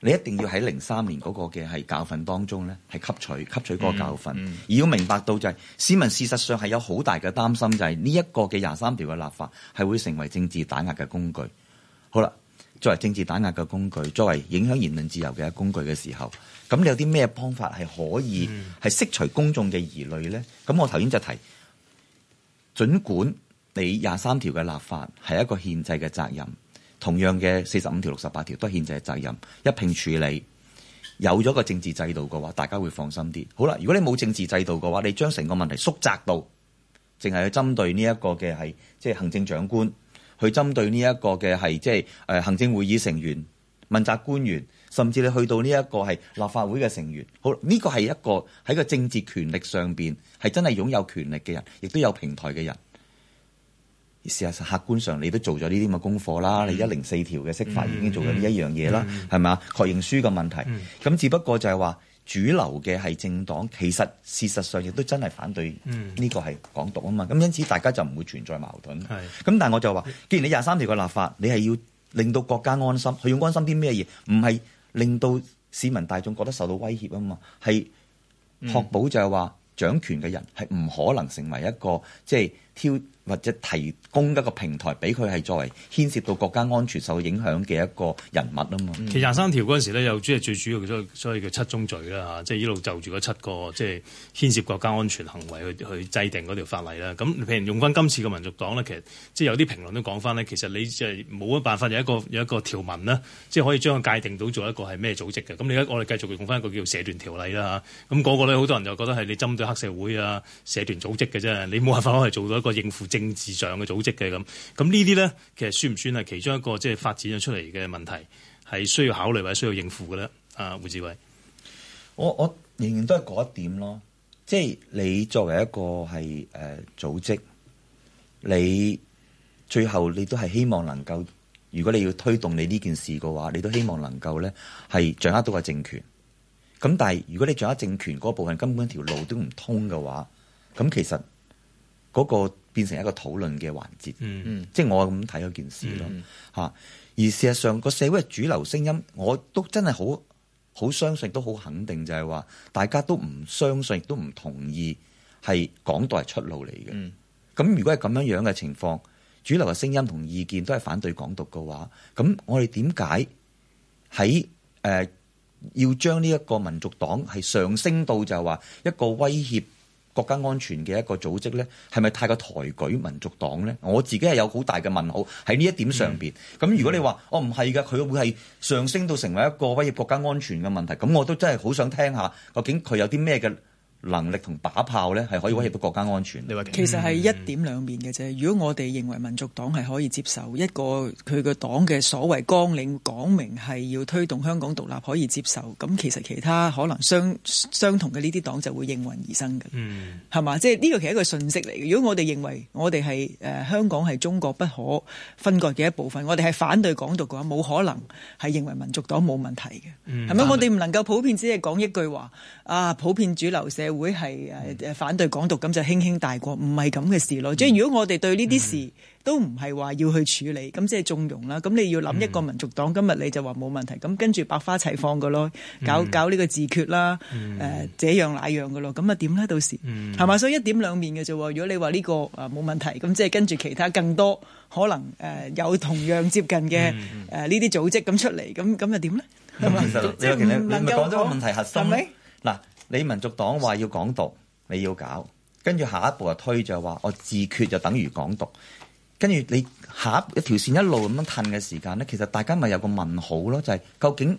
A: 你一定要喺零三年嗰個嘅係教訓當中咧，係吸取吸取嗰個教訓，嗯嗯，而要明白到就係、是、市民事實上係有好大嘅擔心，就是，就係呢一個嘅廿三條嘅立法係會成為政治打壓嘅工具。好啦，作為政治打壓嘅工具，作為影響言論自由嘅工具嘅時候，咁你有啲咩方法係可以係釋、嗯、除公眾嘅疑慮咧？咁我頭先就提，盡管你廿三條嘅立法係一個憲制嘅責任。同樣嘅四十五條六十八條都係憲制責任，一並處理。有咗個政治制度嘅話，大家會放心啲。好啦，如果你冇政治制度嘅話，你將成個問題縮窄到，淨係去針對呢一個嘅係即係行政長官，去針對呢一個嘅係即係誒行政會議成員、問責官員，甚至你去到呢一個係立法會嘅成員。好啦，呢個係一個喺個政治權力上面，係真係擁有權力嘅人，亦都有平台嘅人。事實客觀上你都做咗呢啲咁嘅功課啦。你一零四條嘅釋法已經做咗呢一樣嘢啦，係咪啊？確認書嘅問題，咁、嗯、只不過就係話主流嘅係政黨，其實事實上亦都真係反對呢個係港獨啊嘛。咁因此大家就唔會存在矛盾。咁但係我就話，既然你廿三條嘅立法，你係要令到國家安心，佢要安心啲咩嘢？唔係令到市民大眾覺得受到威脅啊嘛。係確保就係話，掌權嘅人係唔可能成為一個、嗯、即係。挑或者提供一個平台俾佢，係作為牽涉到國家安全受影響嘅一個人物啊嘛。其實
C: 廿三條嗰陣時咧，又即係最主要，所所以嘅七宗罪啦嚇，即係一路就住、是、嗰七個即係、就是、牽涉國家安全行為去去制定嗰條法例啦。咁譬如用翻今次嘅民族黨咧，其實即係有啲評論都講翻咧，其實你即係冇乜辦法有一個有一個條文啦，即、就、係、是、可以將佢界定到做一個係咩組織嘅。咁而我哋繼續用翻一個叫社團條例啦，咁嗰個咧，好多人就覺得係你針對黑社會啊社團組織嘅啫，你冇辦法可嚟做到一個。個應付政治上嘅組織嘅咁，咁呢啲呢其實算唔算係其中一個即係發展咗出嚟嘅問題，係需要考慮或者需要應付嘅咧？啊，胡志偉，
A: 我我仍然都係嗰一點咯，即係你作為一個係誒、呃、組織，你最後你都係希望能夠，如果你要推動你呢件事嘅話，你都希望能夠呢係掌握到個政權。咁但係如果你掌握政權嗰部分根本條路都唔通嘅話，咁其實。嗰、嗰個變成一個討論嘅環節，mm-hmm. 即係我咁睇嗰件事咯嚇。Mm-hmm. 而事實上，個社會嘅主流聲音，我都真係好好相信，都好肯定就，就係話大家都唔相信，亦都唔同意係港獨係出路嚟嘅。咁、mm-hmm. 如果係咁樣樣嘅情況，主流嘅聲音同意見都係反對港獨嘅話，咁我哋點解喺誒要將呢一個民族黨係上升到就係話一個威脅？國家安全嘅一個組織呢，係咪太過抬舉民族黨呢？我自己係有好大嘅問號喺呢一點上邊。咁、嗯、如果你話我唔係㗎，佢、哦、會係上升到成為一個威脅國家安全嘅問題。咁我都真係好想聽下，究竟佢有啲咩嘅能力同把炮咧，係可以威脅到國家安全呢。其實係
F: 一點兩面嘅啫。如果我哋認為民族黨係可以接受一個佢個黨嘅所謂綱領講明係要推動香港獨立可以接受，咁其實其他可能相相同嘅呢啲黨就會應運而生嘅。係、嗯、嘛？即係呢個其實一個信息嚟嘅。如果我哋認為我哋係誒香港係中國不可分割嘅一部分，我哋係反對港獨嘅話，冇可能係認為民族黨冇問題嘅。係、嗯、咪？是我哋唔能夠普遍只係講一句話啊！普遍主流社會係誒反對港獨咁就輕輕大過，唔係咁嘅事咯。即係如果我哋對呢啲事都唔係話要去處理，咁即係縱容啦。咁你要諗一個民族黨今日你就話冇問題，咁跟住百花齊放噶咯，搞搞呢個自決啦，誒這樣那樣噶咯。咁啊點咧？到時係嘛？所以一點兩面嘅啫。如果你話呢個誒冇問題，咁即係跟住其他更多可能誒有同樣接近嘅誒呢啲組織咁出嚟，咁咁又點咧？其實你你你講咗個問
A: 題核心，嗱。你民族黨話要港獨，你要搞，跟住下一步就推着話我自決就等於港獨，跟住你下一條綫一路咁樣褪嘅時間呢，其實大家咪有個問號咯，就係、是、究竟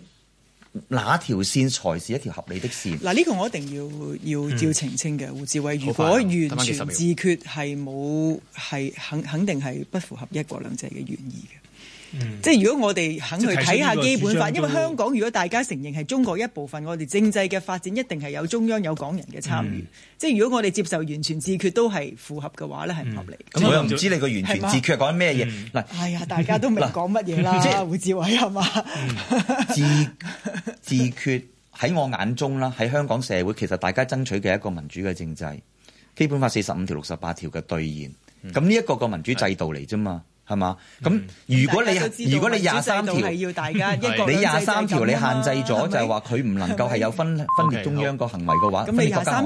A: 哪條綫才是一條合理的綫？
F: 嗱、嗯，呢、這個我一定要要照澄清嘅，胡志偉，如果完全自決係冇係肯肯定係不符合一國兩制嘅原意嘅。嗯、即係如果我哋肯去睇下基本法，因為香港如果大家承認係中國一部分，我哋政制嘅發展一定係有中央有港人嘅參與。即係如果我哋接受完全自決都係符合嘅話咧，係唔合理。嗯嗯、我又唔知你
A: 個完全自決講緊咩嘢。嗱、嗯、係
F: 大家都明講乜嘢啦，胡志偉係嘛？
A: 自 自，自決喺我眼中啦，喺香港社會其實大家爭取嘅一個民主嘅政制，基本法四十五條、六十八條嘅兌現，咁呢一個個民主制度嚟啫嘛。係嘛？咁如果你、嗯、如果你廿三條，你廿三條你限制咗就係話佢唔能夠係有分分裂中央個行為嘅話，咁廿三。